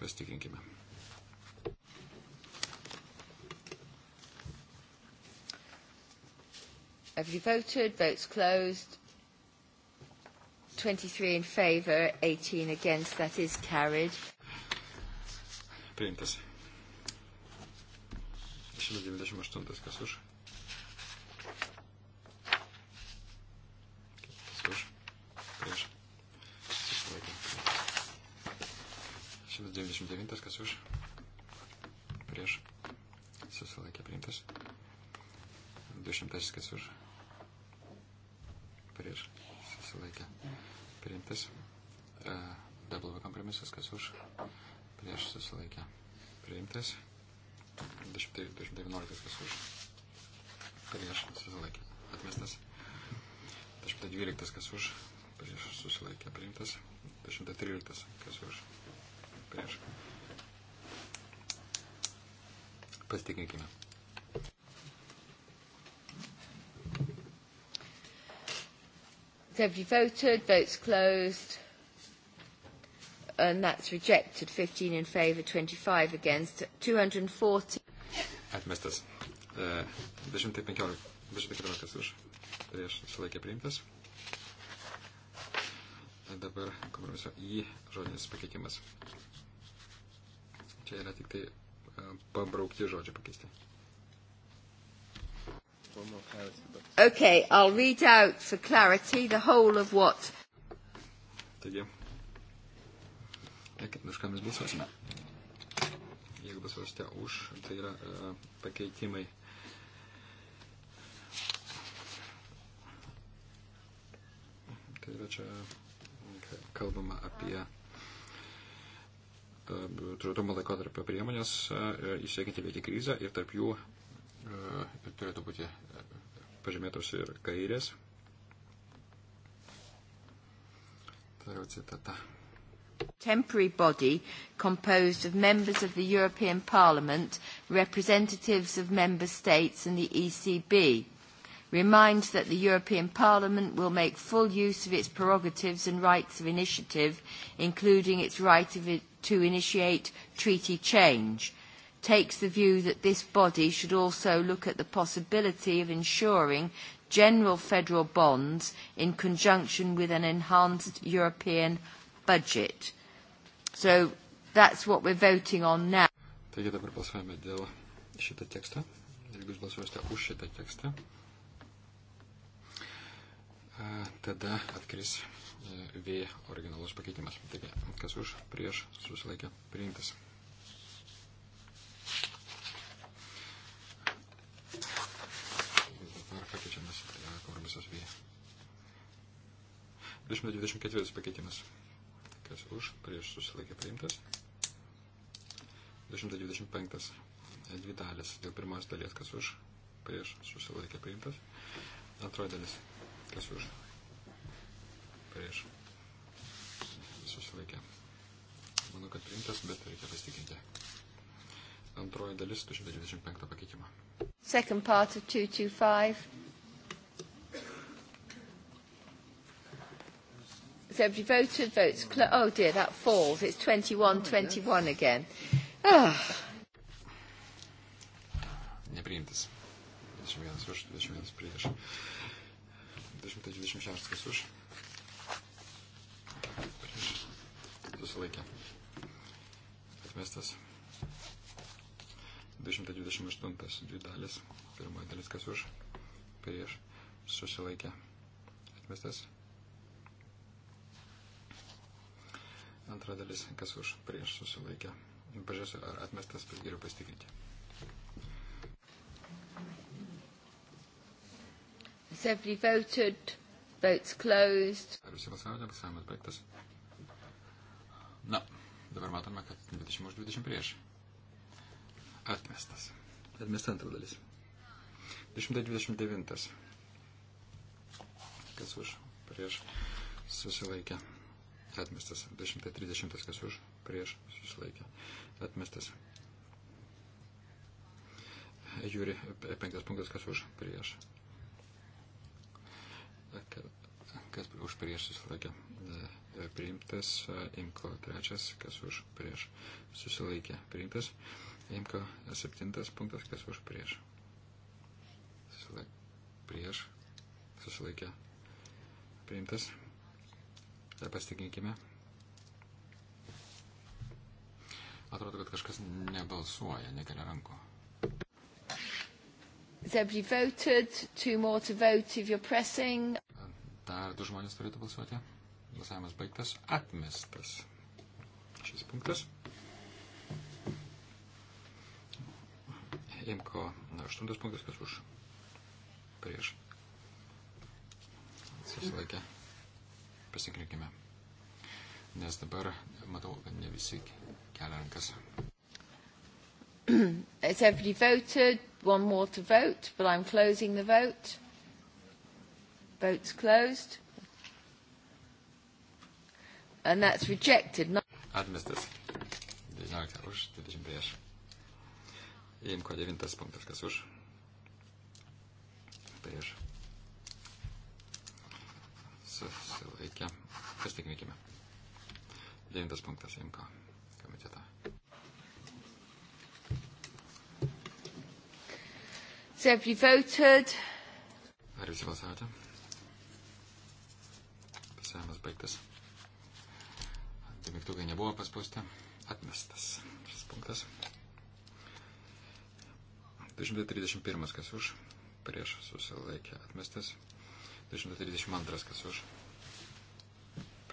Pastikrinkime. Have you voted? Votes closed. 23 in favour, 18 against. That is carried. Priimtas. 198 kas už 29, kas už, prieš, susilaikė priimtas. 200, kas už, prieš, susilaikė priimtas. E, w kompromisas, kas už, prieš, susilaikė priimtas. 219, kas už, prieš, susilaikė atmestas. 212, kas už, prieš, susilaikė priimtas. 213, kas už, prieš. Pasitikinkime. Have you voted? Votes closed. And that's rejected. 15 in favour, 25 against. 240. Atmestas. Uh, e, 215 už. Prieš sulaikė priimtas. E, dabar kompromiso į žodinis pakeitimas. Čia yra tik tai e, pabraukti žodžiai pakeisti. Okay, I'll read out for clarity the whole of what. Taigi, kaip už ką mes balsuosime? Jeigu balsuosite už, tai yra uh, pakeitimai. Tai yra čia e, kalbama apie. Uh, trūtumo e, laikotarpio priemonės įsiekinti e, e, veikti krizę ir tarp jų turėtų būti pažymėtos ir kairės. Tariau citata. Temporary body composed of members of the European Parliament, representatives of member states and the ECB reminds that the European Parliament will make full use of its prerogatives and rights of initiative, including its right of to initiate treaty change takes the view that this body should also look at the possibility of ensuring general federal bonds in conjunction with an enhanced European budget. So that's what we're voting on now. Taigi dabar balsuojame dėl šitą tekstą. Jeigu jūs balsuosite už šitą tekstą, tada atkris V originalus pakeitimas. Taigi, kas už, prieš, susilaikė, priimtas. Dabar pakeičiamas e, kompromisas V. 224 pakeitimas. Kas už, prieš, susilaikė, priimtas. 225. E, dvi dalis. Dėl pirmos dalies, kas už, prieš, susilaikė, priimtas. Antroji dalis, kas už, prieš susilaikę. Manau, kad priimtas, bet reikia pasitikinti. Antroji dalis 225 pakeitimo. Second part of 225. Has everybody voted? Votes clo- Oh dear, that falls. It's 21 21 again. Oh. Nepriimtas. 21 už, 21 prieš. 226 už. susilaikė. Atmestas. 228 dvi dalis. Pirmoji dalis kas už, prieš, susilaikė. Atmestas. Antra dalis kas už, prieš, susilaikė. Pažiūrėsiu, ar atmestas, geriau pasitikrinti. Has everybody voted? Votes closed. Ar visi balsavote? Balsavimas baigtas. Na, dabar matome, kad 20 už 20 prieš. Atmestas. Atmesta antra dalis. 229. Kas už prieš susilaikė. Atmestas. 230. Kas už prieš susilaikė. Atmestas. Žiūri, penktas punktas, kas už prieš. Kad kas už prieš susilaikė e, priimtas, e, imko trečias, kas už prieš susilaikė priimtas, imko septintas punktas, kas už prieš susilaikė prieš susilaikė priimtas. Dar e, pasitikinkime. Atrodo, kad kažkas nebalsuoja, nekelia rankų. Has everybody voted? Two more to vote if you're pressing. Dar du žmonės turėtų balsuoti. Balsavimas baigtas. Atmestas. Šis punktas. Imko na, aštuntas punktas, kas už. Prieš. Susilaikė. Pasikrinkime. Nes dabar matau, kad ne visi kelia rankas. <clears throat> Has everybody voted? One more to vote, but I'm closing the vote. Votes closed. And that's rejected. Not... Atmestas. 19 už, 20 prieš. Imko 9 punktas, kas už. Prieš. Susilaikė. Pasitikrinkime. 9 punktas, Imko komitetą. So have you voted? Ar jūs balsavote? Balsavimas baigtas. Tai mygtukai nebuvo paspausti. Atmestas. Šis punktas. 231 kas už. Prieš susilaikė atmestas. 232 kas už.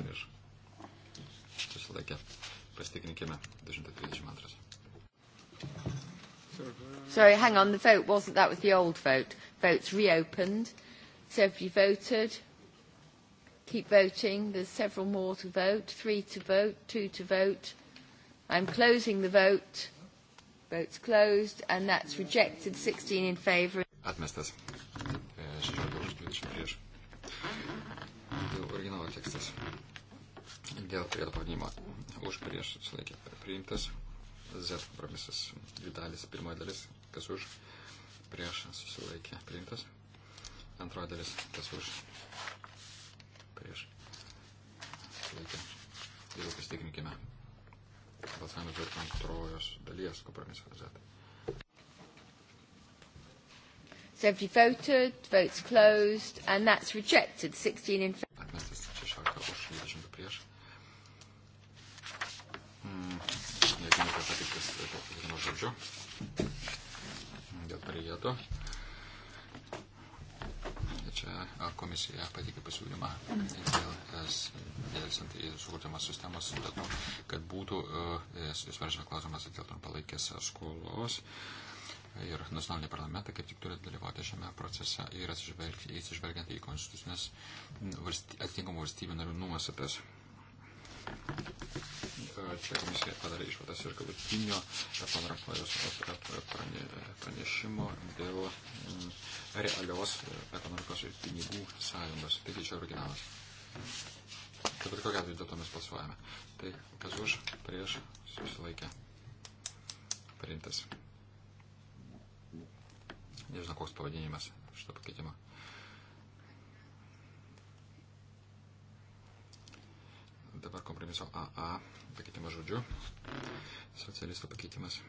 Prieš susilaikė. Pasitikrinkime. 232. Sorry, hang on. The vote wasn't. That was the old vote. Votes reopened. So if you voted. Keep voting. There's several more to vote. Three to vote. Two to vote. I'm closing the vote. Vote's closed. And that's rejected. 16 in favour. Atmestas. 16 už 20 prieš. Dėl originalo tekstas. Dėl priedo pavadinimo. Už prieš susilaikė priimtas. Z kompromisas. Dvi dalis. Pirmoji dalis. Kas už. Prieš susilaikė priimtas. Antroji dalis. Kas už prieš laikę. Jeigu pasitikrinkime balsavimą dėl antrojos dalies kompromiso rezultatą. 70 voted, votes closed, and that's rejected. 16 in favor. Atmestas 16 už 20 prieš. Mm, Nežinau, kad patiktas vienu žodžiu. Dėl parieto čia komisija pateikė pasiūlymą dėl, e, dėl sukurtimas sistemos, dėl to, kad būtų e, svaržiamas klausimas dėl trumpalaikės skolos. Ir nacionaliniai parlamentai kaip tik turi dalyvauti šiame procese ir atsižvelgiant į konstitucinės valsty, atitinkamų valstybių narių nuostatas padarė išvadas ir galutinio pranešimo dėl mm, realios ekonomikos ir pinigų sąjungos. Taigi čia originalas. Kaip ir kokia vis dėlto mes balsuojame. Tai kas už, prieš, susilaikė. Priimtas. Nežinau, koks pavadinimas šito pakeitimo. Dabar kompromiso AA pakeitimas žodžiu. Socialisto pakeitimas.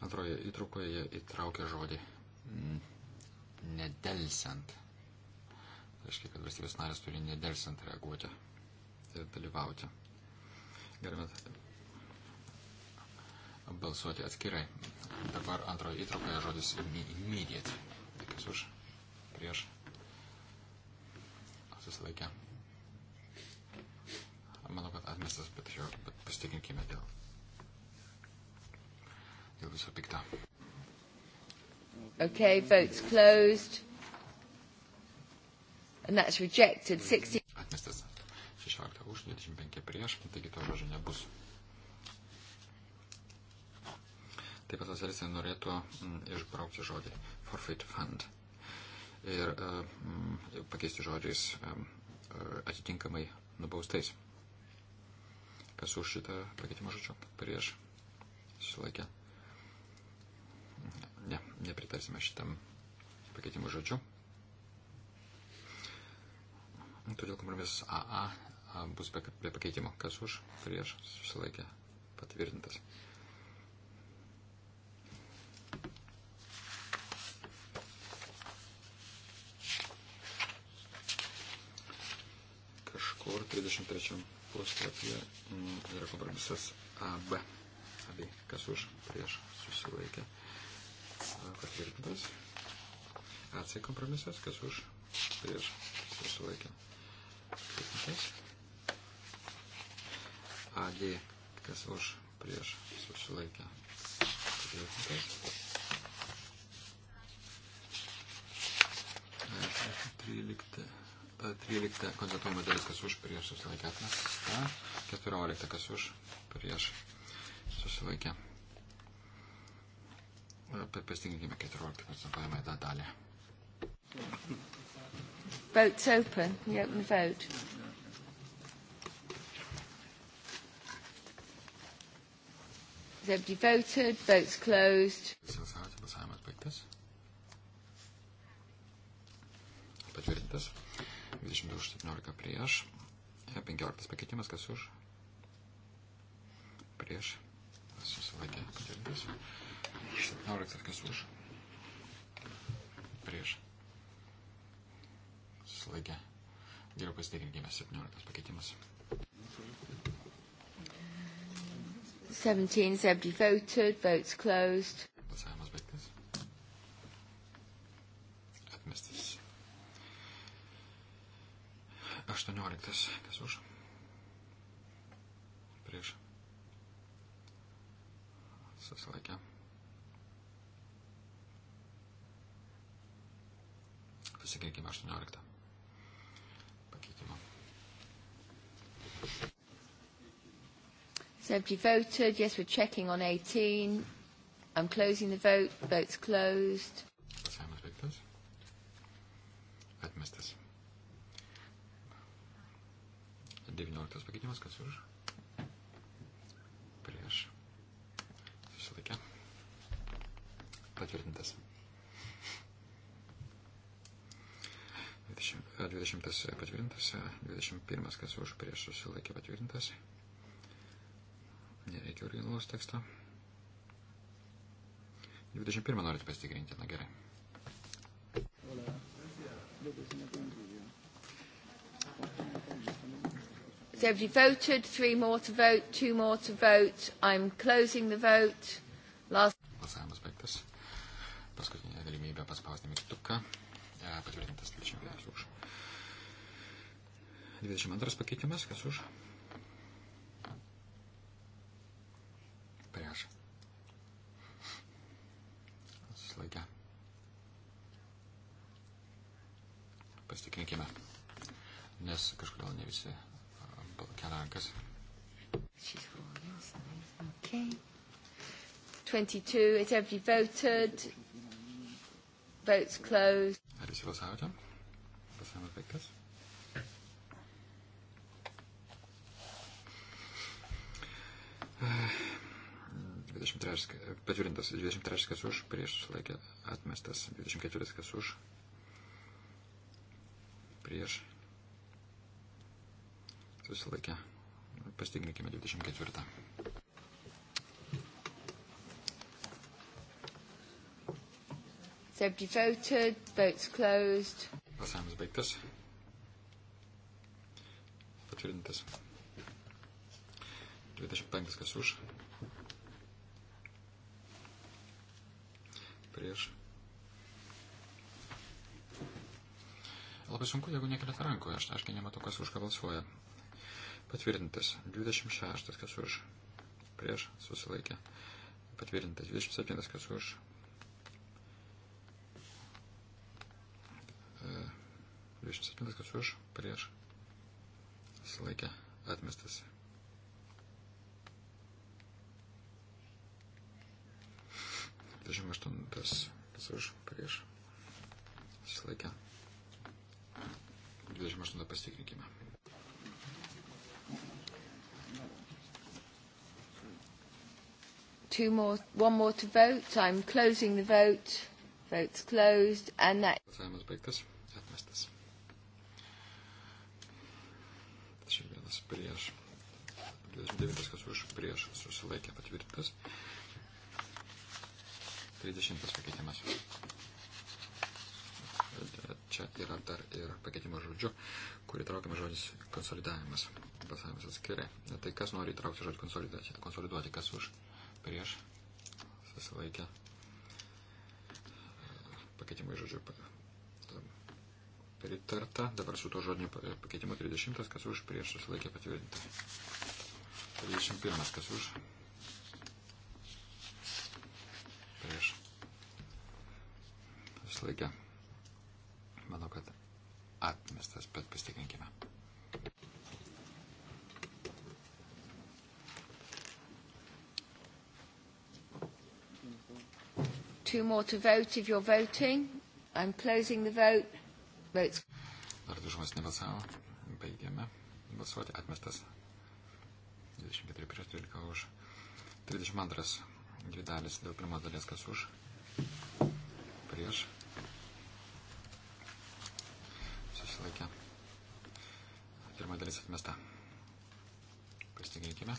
Antroje įtraukoje jie įtraukia žodį nedelsiant. Tai reiškia, kad valstybės narės turi nedelsiant reaguoti ir dalyvauti. Gerai, bet balsuoti atskirai. Dabar antroje įtraukoje žodis immediate. Kas už? Prieš? Susilaikę Manau, kad atmestas, bet, jo, bet pasitikinkime dėl, dėl viso pikto. Okay, votes closed. And that's rejected. 16. Atmestas 16 už, 25 prieš, taigi to žodžio nebus. Taip pat socialistai norėtų m, mm, išbraukti žodį forfeit fund ir e, m, mm, pakeisti žodžiais m, e, e, atitinkamai nubaustais. Kas už šitą pakeitimą žodžiu? Prieš. Susilaikė. Ne, nepritarsime šitam pakeitimų žodžiu. Todėl kompromisas AA bus be, be pakeitimo. Kas už, prieš, susilaikė, patvirtintas. Kažkur 33 puslapyje mm, yra kompromisas AB. AB. Kas už prieš susilaikė patvirtintas. AC kompromisas. Kas už prieš susilaikė patvirtintas. AG. Kas už prieš susilaikė patvirtintas. 13 13 konstatuojama dalis, kas už prieš susilaikė atmesta. 14 kas už prieš susilaikė. Pasitinkime 14 konstatuojama tą dalį. Vote's open. You open the vote. Has everybody voted? Vote's closed. Balsavimas baigtas. Patvirtintas. 22 už 17 prieš. 15 e, pakeitimas, kas už. Prieš. Susilaikė patvirtintas. 17 kas už. Prieš. Susilaikė. Geriau pasidarinkime 17 pakeitimas. 17 empty voted, votes closed. Balsavimas baigtas. 18. Kas už? Prieš. Susilaikė. Pasikinkime 18. Pakeitimą. So empty voted. Yes, we're checking on 18. I'm closing the vote. Vote's closed. pakeitimas, kas už. Prieš. Susilaikė. Patvirtintas. 20, 20 patvirtintas, 21 kas už prieš susilaikė patvirtintas. Nereikia originalaus teksto. 21 norite pasitikrinti, na gerai. Hola. Gracias. Has everybody voted? Three more to vote, two more to vote. I'm closing the vote. Last. Balsavimas baigtas. Paskutinė galimybė paspausti mygtuką. E, patvirtintas 32 už. 22 pakeitimas, kas už? 22. Has everybody voted? Votes closed. Ar visi balsavote? Balsavimas baigtas. Uh. 23, patvirtintas 23 kas už, prieš sulaikė atmestas 24 kas už, prieš susilaikė, pastigrinkime 24. Everybody voted. Votes closed. Balsavimas baigtas. Patvirtintas. 25 kas už. Prieš. Labai sunku, jeigu nekeliat rankoje. Aš aiškiai nematau, kas už ką balsuoja. Patvirtintas. 26 kas už. Prieš. Susilaikė. Patvirtintas. 27 kas už 27 kas už, prieš, susilaikė, atmestas. Dvidešimt aštuntas kas už, prieš, susilaikė. 28 pasitikrinkime. Two more, one more to vote. I'm closing the vote. Vote's closed and that. Balsavimas baigtas. prieš. 29 kas už, prieš, susilaikė patvirtintas. 30 pakeitimas. Čia yra dar ir pakeitimo žodžiu, kurį traukiame žodis konsolidavimas. Pasavimas atskirai. Tai kas nori įtraukti žodį konsoliduoti, konsoliduoti kas už, prieš, susilaikė pakeitimai žodžiu pritarta. Dabar su to žodiniu pakeitimu 30, kas už, prieš susilaikė patvirtinta. 31, kas už, prieš susilaikė. Manau, kad atmestas, bet pasitikinkime. Two more to vote if you're voting. I'm closing the vote. Ar du žmonės nebalsavo? Baigiame. Balsuoti atmestas. 24 prieš 13 už. 32 dvi dalis dėl pirmos dalies kas už. Prieš. Susilaikė. Pirma dalis atmesta. Pasitikrinkime.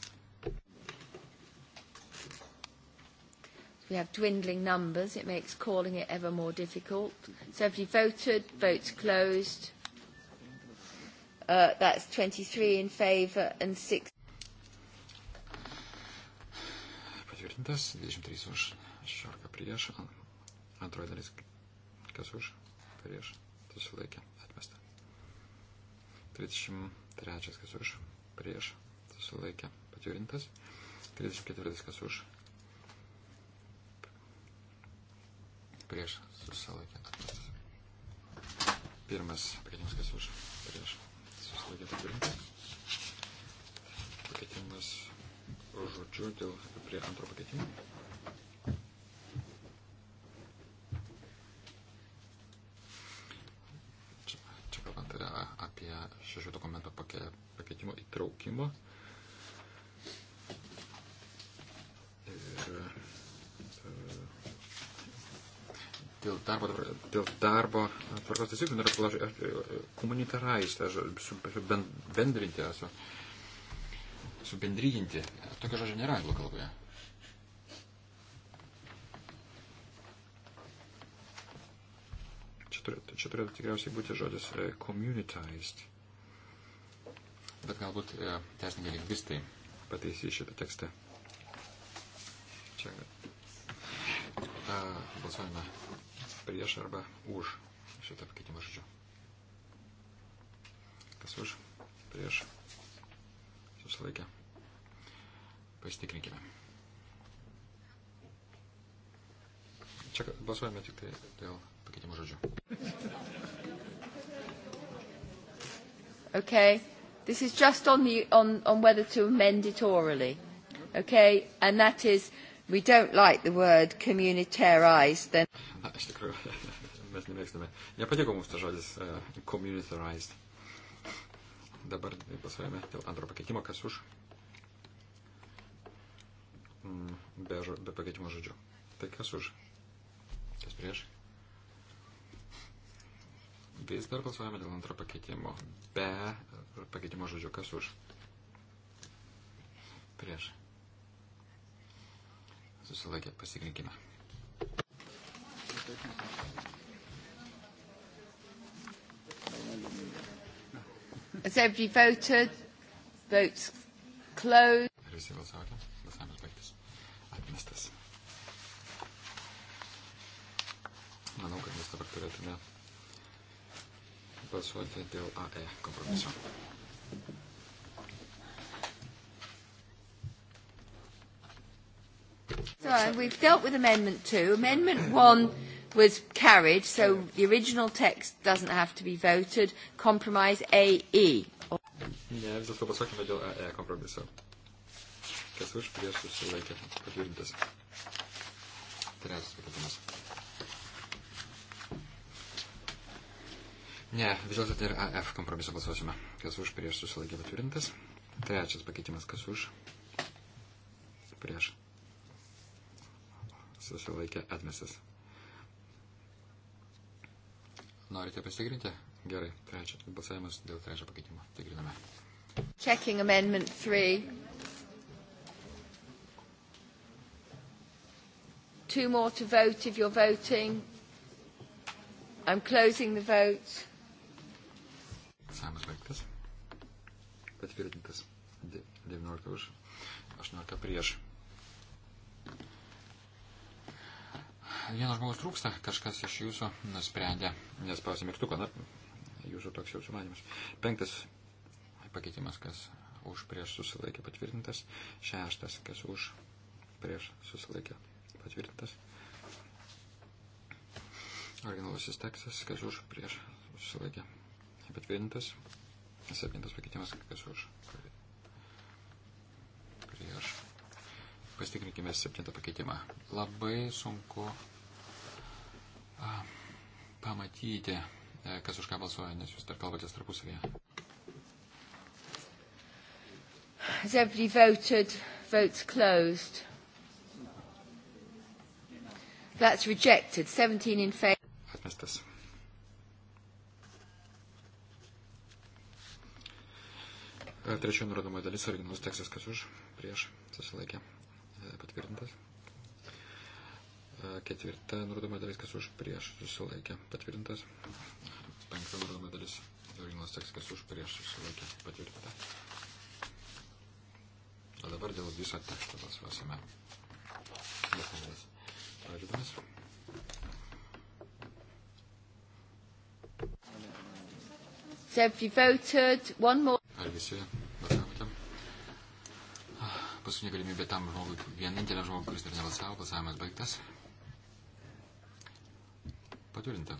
We have dwindling numbers. It makes calling it ever more difficult. So have you voted? Votes closed. Uh, that's 23 in favour and 6. Patvirtintas, 23 už, 16 prieš, antroji dalis, kas už, prieš, susilaikė, atmesta. 33 kas už, prieš, susilaikė, patvirtintas, 34 kas už, prieš susilaikė. Pirmas pakeitimas, kas už prieš susilaikė patvirtintas. Pakeitimas žodžiu dėl prie antro pakeitimo. dėl darbo tvarkos taisyklių nėra plažai komunitaraista, bendrinti, subendryginti. Tokio žodžio nėra anglų kalboje. Čia turėtų, čia turėtų tikriausiai būti žodis communitized. E, Bet galbūt e, teisininkai lingvistai pataisys šitą tekstą. Čia. A, balsuojame prieš arba už šitą pakeitimą žodžiu. Kas už, prieš, susilaikė. Pasitikrinkime. Čia balsuojame tik tai dėl pakeitimo žodžių. Okay. This is just on, the, on, on whether to amend it orally. Okay, and that is We don't like the word communitarized. Then... A, iš tikrųjų, <laughs> mes nemėgstame. Nepatiko mums tas žodis uh, e, communitarized. Dabar pasvajame dėl antro pakeitimo, kas už. Mm, be, be pakeitimo žodžių. Tai kas už? Kas prieš? Vis dar balsuojame dėl antro pakeitimo. Be pakeitimo žodžių, kas už? Prieš susilaikė pasikrinkime. Has everybody voted? Votes closed. Ar visi balsavote? Balsavimas baigtas. Atmestas. Manau, kad mes dabar turėtume balsuoti dėl AE kompromiso. Mm. Well, we've dealt with Amendment 2. Amendment 1 was carried, so the original text doesn't have to be voted. Compromise AE. Ne, vis dėlto pasakėme dėl AE kompromiso. Kas už prieš susilaikė patvirtintas. Trečias pakeitimas. Ne, vis dėlto tai yra AF kompromiso balsuosime. Kas už prieš susilaikė patvirtintas. Trečias pakeitimas. Kas už prieš susilaikė atmestas. Norite pasigrinti? Gerai, trečia, balsavimas dėl trečio pakeitimo. Tikriname. Checking amendment 3. Two more to vote if you're voting. I'm closing the vote. Balsavimas baigtas. Patvirtintas. 19 už, 18 prieš. vieno žmogaus trūksta, kažkas iš jūsų nusprendė, nespausi mygtuko, na, jūsų toks jau sumanimas. Penktas pakeitimas, kas už prieš susilaikė patvirtintas. Šeštas, kas už prieš susilaikė patvirtintas. Originalusis tekstas, kas už prieš susilaikė patvirtintas. Septintas pakeitimas, kas už prieš. Pastikrinkime septintą pakeitimą. Labai sunku pamatyti, e, kas už ką balsuoja, nes jūs dar kalbatės tarpusavėje. Has everybody voted? Votes closed. That's rejected. 17 in favor. Atmestas. E, trečioji nurodoma dalis, originalus tekstas, kas už, prieš, susilaikė, e, patvirtintas. Ketvirta nurodoma dalis, kas už prieš susilaikė patvirtintas. Penkta nurodoma dalis, originalus tekstas, kas už prieš susilaikė patvirtinta. O dabar dėl viso teksto balsuosime. Dėkuojamas. Pradedamas. Ar visi balsavote? Paskutinė galimybė tam žmogui, vieninteliam žmogui, kuris dar nebalsavo, balsavimas baigtas. Patvirtinta.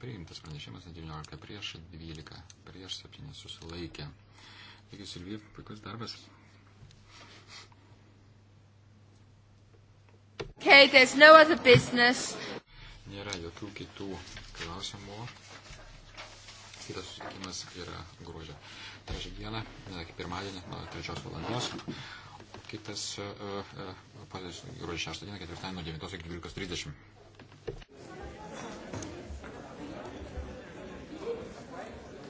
Priimtas pranešimas 19 prieš 12, prieš 7 susilaikė. Taigi, Silvija, puikus darbas. Okay, there's no other business. Nėra jokių kitų klausimų. Kitas susitikimas yra gruodžio 3 dieną, pirmadienį nuo 3 valandos. Kitas uh, uh, gruodžio 6 dieną, ketvirtadienį nuo 9 iki 12.30.